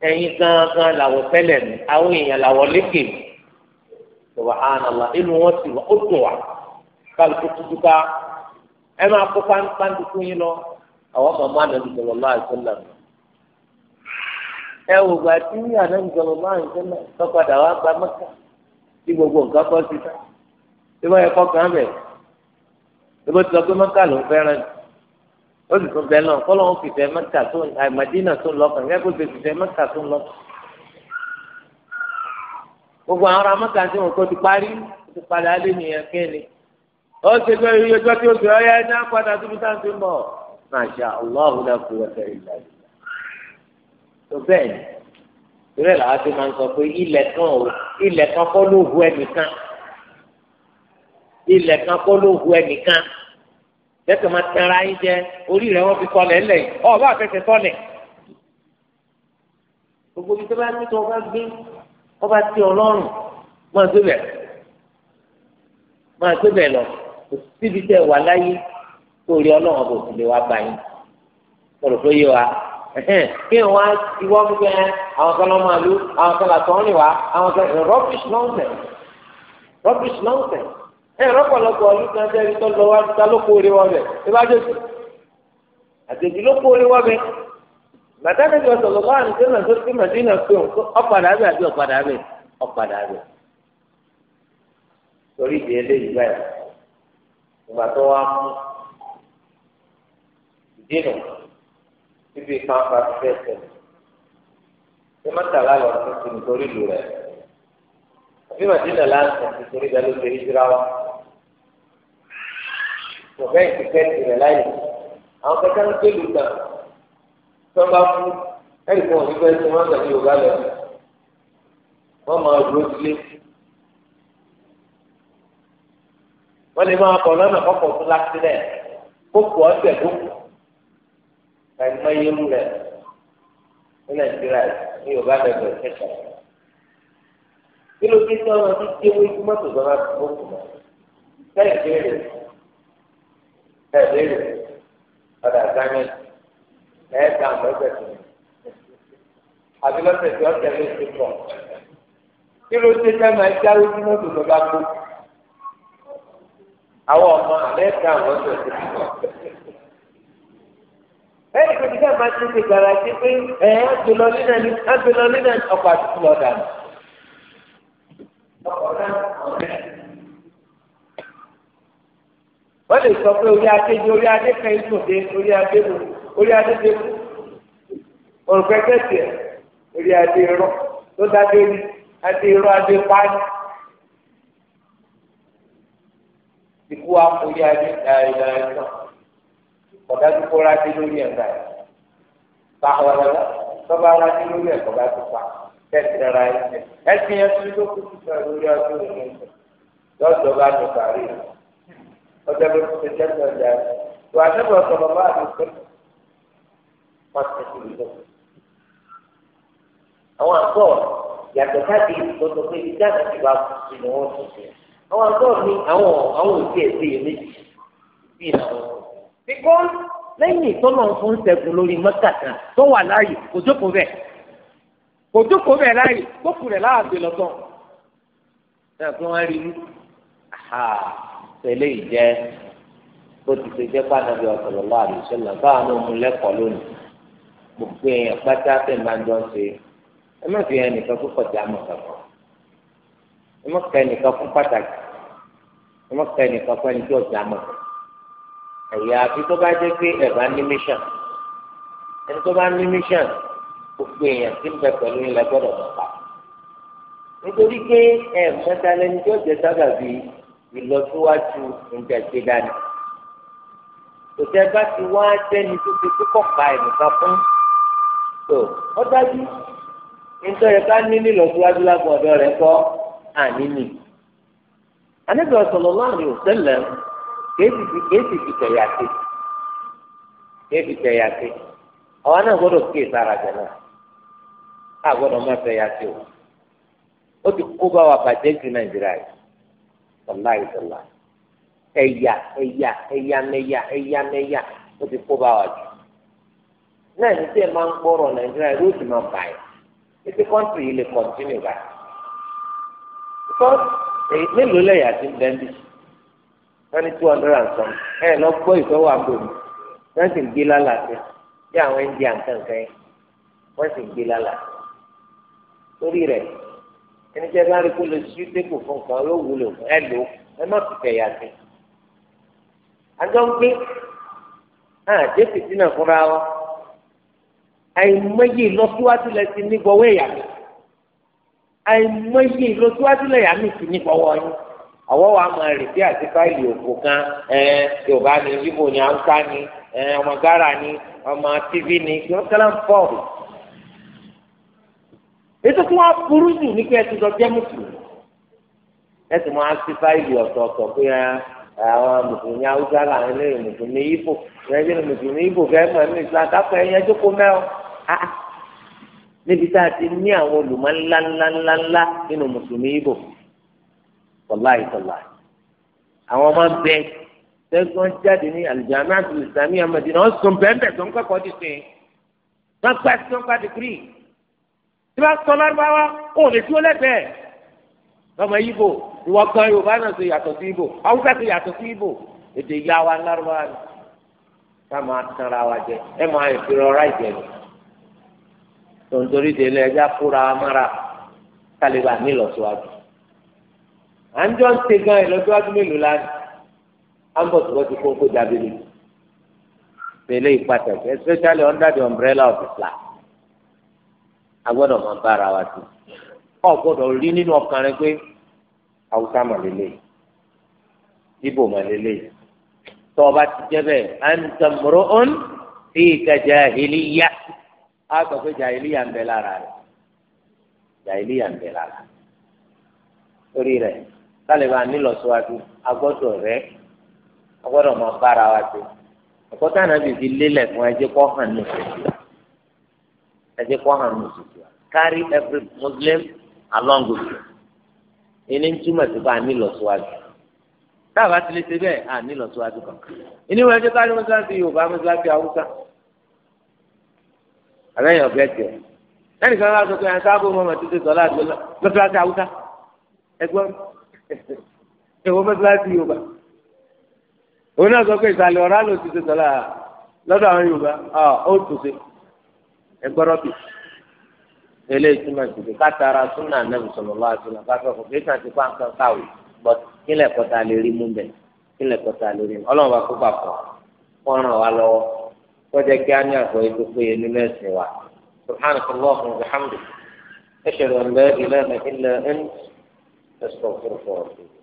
ẹ̀yin gangan làwọ̀ tẹ́lẹ̀ ni àwọn èèyàn làwọ̀ lékè subhanallah inú wọn sì wá ó dùn wá kálukú tuntun ká ẹ máa kó pàǹdùkú yín lọ àwọn màmá láì ẹ wò gba tí ànábi sọ̀rọ̀ máa ń sẹ́lẹ̀ gbogbo nǹkan kọ́ sí ta wọ́n ibo ti sọ pé mọ́kà ló ń fẹ́ràn jù ó sì tún bẹ́ẹ̀ náà kọ́ lóun fìfẹ́ mọ́kà tó àmàdínà tó ń lọ́kàn gẹ́gẹ́ bó ti fìfẹ́ mọ́kà tó ń lọ́kàn. gbogbo àwọn ará mọ́kà tí wọn kò ti parí ti padà á lé nìyẹn kéènì ó ṣe pé iye ọjọ́ tí ó sọ ọ́yá ẹni á padà síbi tá à ń fi bọ̀ màṣà Allahu la quwwata illa billah. tó bẹ́ẹ̀ ni ìrẹ́ làwọn ti máa ń sọ pé ilẹ̀ kan kọ́ ló hu ẹnìkan tẹ́tẹ̀ máa tẹ̀ra yín jẹ orí rẹ̀ wọ́n fi kọlẹ̀ ńlẹ̀ yìí ọ̀ bá fẹsẹ̀ sọlẹ̀. gbogbo ibi tó bá ní tó bá gbé ọba tí ọlọ́run máa gbé bẹ̀ máa gbé bẹ̀ lọ kò síbi tẹ̀ wà láyé tó rí ọlọ́run ọba òsì lè wá bá yín kọ̀rọ̀ tó yé wa kí wọn wá ìwọ gbígbẹ àwọn kan lọ máa lu àwọn kan làtọ́ rìn wá àwọn kan rubbish nonsense rubbish nonsense ẹ rọpọlọpọ ọdún kan tẹ ẹni tó lọ wá ta ló kóore wọn bẹ ẹ bá jẹ sùn àtẹjì ló kóore wọn bẹ bàtà níbi ọsọlọ bá àrùn tó nà tó tó mà dínà pé ọpadà bẹ àbí ọpadà bẹ ọpadà bẹ torí ìdí eléyìí báyìí ìgbà tó wá mú ìdínà bíbí kan bá fẹ́ sẹ́yìn ṣé mọ́tàlá lọ sí nítorí ìlú rẹ̀ àbí màdínà láǹtà nítorí ìdálóṣe ìdíráwá kò fẹ́ ìtìkẹ́tì rẹ̀ láyè àwọn kẹta ń gbé lùgbà tí wọ́n bá fún ẹ̀rì kan òní fẹ́ ṣe wọ́n tàbí yorùbá lọ wọ́n máa dúró sílé wọ́n lè máa kọ̀ lọ́nà kọ́kọ́ fún lásìlẹ̀ kókò ọ̀sẹ̀ tó kù láì má mú rẹ̀ ní nàìjíríà ní yorùbá lẹ́gbẹ̀ẹ́ kẹta kí ló dé tí wọ́n ti dé wọ́n mọ́tò gbọ́dọ̀ tó kù mọ́ sẹ́yìn kéré rẹ̀ ẹ̀ẹ́dẹ́rẹ́ ọ̀dà sáyẹn ẹ̀ẹ́dà lọ́sẹ̀ tó ní. àbí lọ́sẹ̀ tí ọ̀sẹ̀ ló ti pọ̀. kí ló dé sẹ́mi ẹja lójú mọ́tò tó bá kú. àwọn ọmọ ẹ̀ẹ́dà lọ́sẹ̀ tó ti pọ̀. ẹ̀ẹ́dì kò ní sẹ́mi ẹja ti gbàrà sí pé ẹ̀ẹ́ àgbélọ́ nínú ọkọ̀ àti ìlọ̀dà. ọkọ̀ náà wọ́n lè sọ pé orí adé ní orí adé kan ìdùn dé orí adé mu orí adé dé mu òrùka kẹsì ẹ̀ orí adé irọ́ tó dáadé rí adé irọ́ adé pání. Ikú wa kó orí adé ìlànà ìtàn kọ̀dá tó kóra adé lórí ẹ̀ka ẹ̀ bá wà lọ́la tọ́ba ara adé lórí ẹ̀kọ́ bá tó pa kẹsì ara ẹ̀ ẹ̀sìn ẹ̀sìn tó kú sí ìgbà lórí adé òní lọ́sọ̀ọ́ bá tó parí rẹ̀ ọjọ́ bí wọ́n ti jẹ́ ní ọjà rẹ̀ wà á sábà sọ̀rọ̀ bá àdúgbò wọn ti ti lò. àwọn àgọ́ yàtọ̀ káàdì ìtọ́jú pé ìjà náà ti bá kùsùn ni wọ́n ti sè é. àwọn àgọ́ mi àwọn àwọn òbí ẹ̀ sí èméjì bí ìnáwó. bíkọ́ lẹ́yìn ìtọ́nà fún ṣẹ́gun lórí mọ́kàtà tó wà láàyè kò jókòó bẹ́ẹ̀ kò jókòó bẹ́ẹ̀ láàyè kókù rẹ̀ láàgbé lọ́tọ̀ tẹ̀lé ìjẹ́ bó ti ṣe jẹ́ pàdánù ọ̀sọ̀rọ̀ lọ́wọ́ àdìsọ́lá báwọn náà mú lẹ́kọ̀ọ́ lónìí gbogbo èèyàn pátá tẹ̀ máa ń jọ ṣe ẹ má fi ẹnìkan kó kọjá mọ̀ kankan ẹ má kọ ẹnìkan fún pàtàkì ẹ má kọ ẹnìkan fún ẹni tí ọjà mọ̀ ẹ̀yà àfi tó bá jẹ́ pé ẹ̀ bá ní mission ẹni tó bá ní mission gbogbo èèyàn tí ń bẹ pẹ̀lú ilẹ̀ gbọ́dọ̀ nítorí pé ẹ̀ mọ́ta lẹni tí ọjà sábà ìlọsíwájú nǹkan ṣe dání. tòtẹ́ bá ti wá sẹ́ni tó ti kókọ̀ ka ẹ̀nìkan fún tó ó dájú nítorí ká ní nílọsíwájú lágbo ọ̀dọ́ rẹ̀ kọ́ àníní. anábìyà sallallahu alaihi wasallam kéèsì fi tẹ̀yà sí kéèsì tẹ̀yà sí àwa náà gbọ́dọ̀ kíyè sára jẹ náà a gbọ́dọ̀ má tẹ̀yà sí o ó ti kó bá wa bàjẹ́ ju nàìjíríà yìí sọlá ìsọlá ẹ̀yà ẹ̀yà ẹ̀yà mẹ̀yà ẹ̀yà mẹ̀yà ó ti kó bá wa jù náà ní tí ẹ máa ń gbọ́rọ̀ nàìjíríà yóò sì máa bà yìí títí kọ́ńtì yìí lè kọ́ńtínú báyìí kọ́ mélòó lẹ́yà ti ń bẹ́ńbì wọ́n ní two hundred and some ẹ lọ gbọ́ ìsọ́wọ́ àgbòmí wọ́n sì ń gbé lálàáfíà bí àwọn indian kankan yẹn wọ́n sì ń gbé lálàáfíà torí rẹ̀ ẹni tí ẹ bá rí kó lè sí dépò fún nǹkan yóò wúlò ẹ lò ẹ má fi kẹyà sí. àjọ ń gbé àdé fìtínà fúnra wa àìmọye ìlọsíwájú lẹ ti ní gbọwọ ẹyà mi àìmọye ìlọsíwájú lẹ yà mí ti ní gbọwọ yín àwọ wa máa rè bí àti fáìlì òkú kan yorùbá ni yíbo ni haúsá ọmọ gara ni ọmọ tv ni yọkẹlẹ ń fọrọ ètò tí wọ́n burú jù ní kí ẹ ti sọ jẹ́ mùsùlùmí ẹ sì máa ti fáìlì ọ̀tọ̀ọ̀tọ̀ pé ah, àwọn mùsùlùmí haúsá làwọn eléyìí mùsùlùmí ibo ẹ̀yẹ́ mùsùlùmí ibo fẹ́ẹ́ mọ̀ ní ìsìlá dápẹ́ ẹ̀yẹ́ jókòó mẹ́ọ̀ ah, ah. níbi tá a ti ní àwọn olùmọ̀ ńláńláńláńlá nínú mùsùlùmí ibo tọláì tọláì àwọn ọmọ bẹ tẹgbọn jáde ní aljamiatu islamiyya Madina wọn sùn bẹ́ẹ̀ bẹ́ẹ̀ tó ń kẹ́kọ̀ọ́ tí bá sọ lárúbáwá òun lè dúró lẹ́gbẹ̀ẹ́ lọ́mọ ibo ìwọ gan yorùbá náà ṣe yàtọ̀ sí ibo haúsá ṣe yàtọ̀ sí ibo èdè ìyá wa lárúbáwá ni ká máa tanra wa jẹ ẹ máa ìfirọ ọ̀rá ìjẹ ni tòǹtòrí délé ẹjá kóra amára kálíbà nílọsíwájú à ń jọ ń ṣe gan ìlọsíwájú mélòó lánàá à ń bọ̀ tó wọ́n kó kó dàbí ni pẹ̀lẹ́ ìpàtàkì especially under the umbrella of Islam a gbọ́dọ̀ máa bára wa sí ọ gbọ́dọ̀ rí nínú ọkàn rẹ pé haúsá mà lélẹ̀ ibo mà lélẹ̀ tó o bá ti jẹ́ bẹ́ẹ̀ anta mru'un fika jahiliya a sọ pé jahiliya ń bẹ lára rẹ jahiliya ń bẹ lára torí rẹ kálíba nílọsíwájú a gbọ́dọ̀ rẹ a gbọ́dọ̀ máa bára wa sí ẹ̀kọ́ tí a nàbì fi lélẹ̀ fún ẹjẹ́ kọ́ hàn ní ìfẹ̀síwájú ẹ jẹ́ kó hàn mí tuntun carry every muslim along with you ìní ń túmọ̀ sí pé a ní ìlọsíwájú táàbà ti lè ṣe bẹ́ẹ̀ a ní ìlọsíwájú kankan ìní wọn ẹjọ́ kárí mọ́sálásí yorùbá mọ́sálásí haúsá àbẹ́yẹn ọ̀bẹ tiẹ̀ lẹ́nu kan láti sọ pé àti àbọ̀ mọ́mọ́ títí sọ láti mọ́sálásí haúsá ẹgbọ́n ẹ̀wọ́ mọ́sálásí yorùbá òun náà sọ pé ìsàlẹ̀ ọ̀rá ló ti ti sọ lọ́dọ̀ àwọn yorùbá ó tù sí i ẹgbọ́rọ̀ bì eléyìí túmọ̀ sí pé kátàrà súnà nàbì sọ̀rọ̀ lọ́wọ́ àtúnà káfẹ́ kò fẹ́ sàn ti pa nǹkan káwé but kílẹ̀ kọta lè rí mú bẹ̀ kílẹ̀ kọta lè rí mú ọlọ́run bá kó papọ̀ wọ́n ràn wá lọ́wọ́ kọjá kí á ní àgbọ̀ yìí tó péye nínú ẹ̀sìn wa subhanaka allahumma wa bihamdika ashhadu an la ilaha illa anta astaghfiruka wa atubu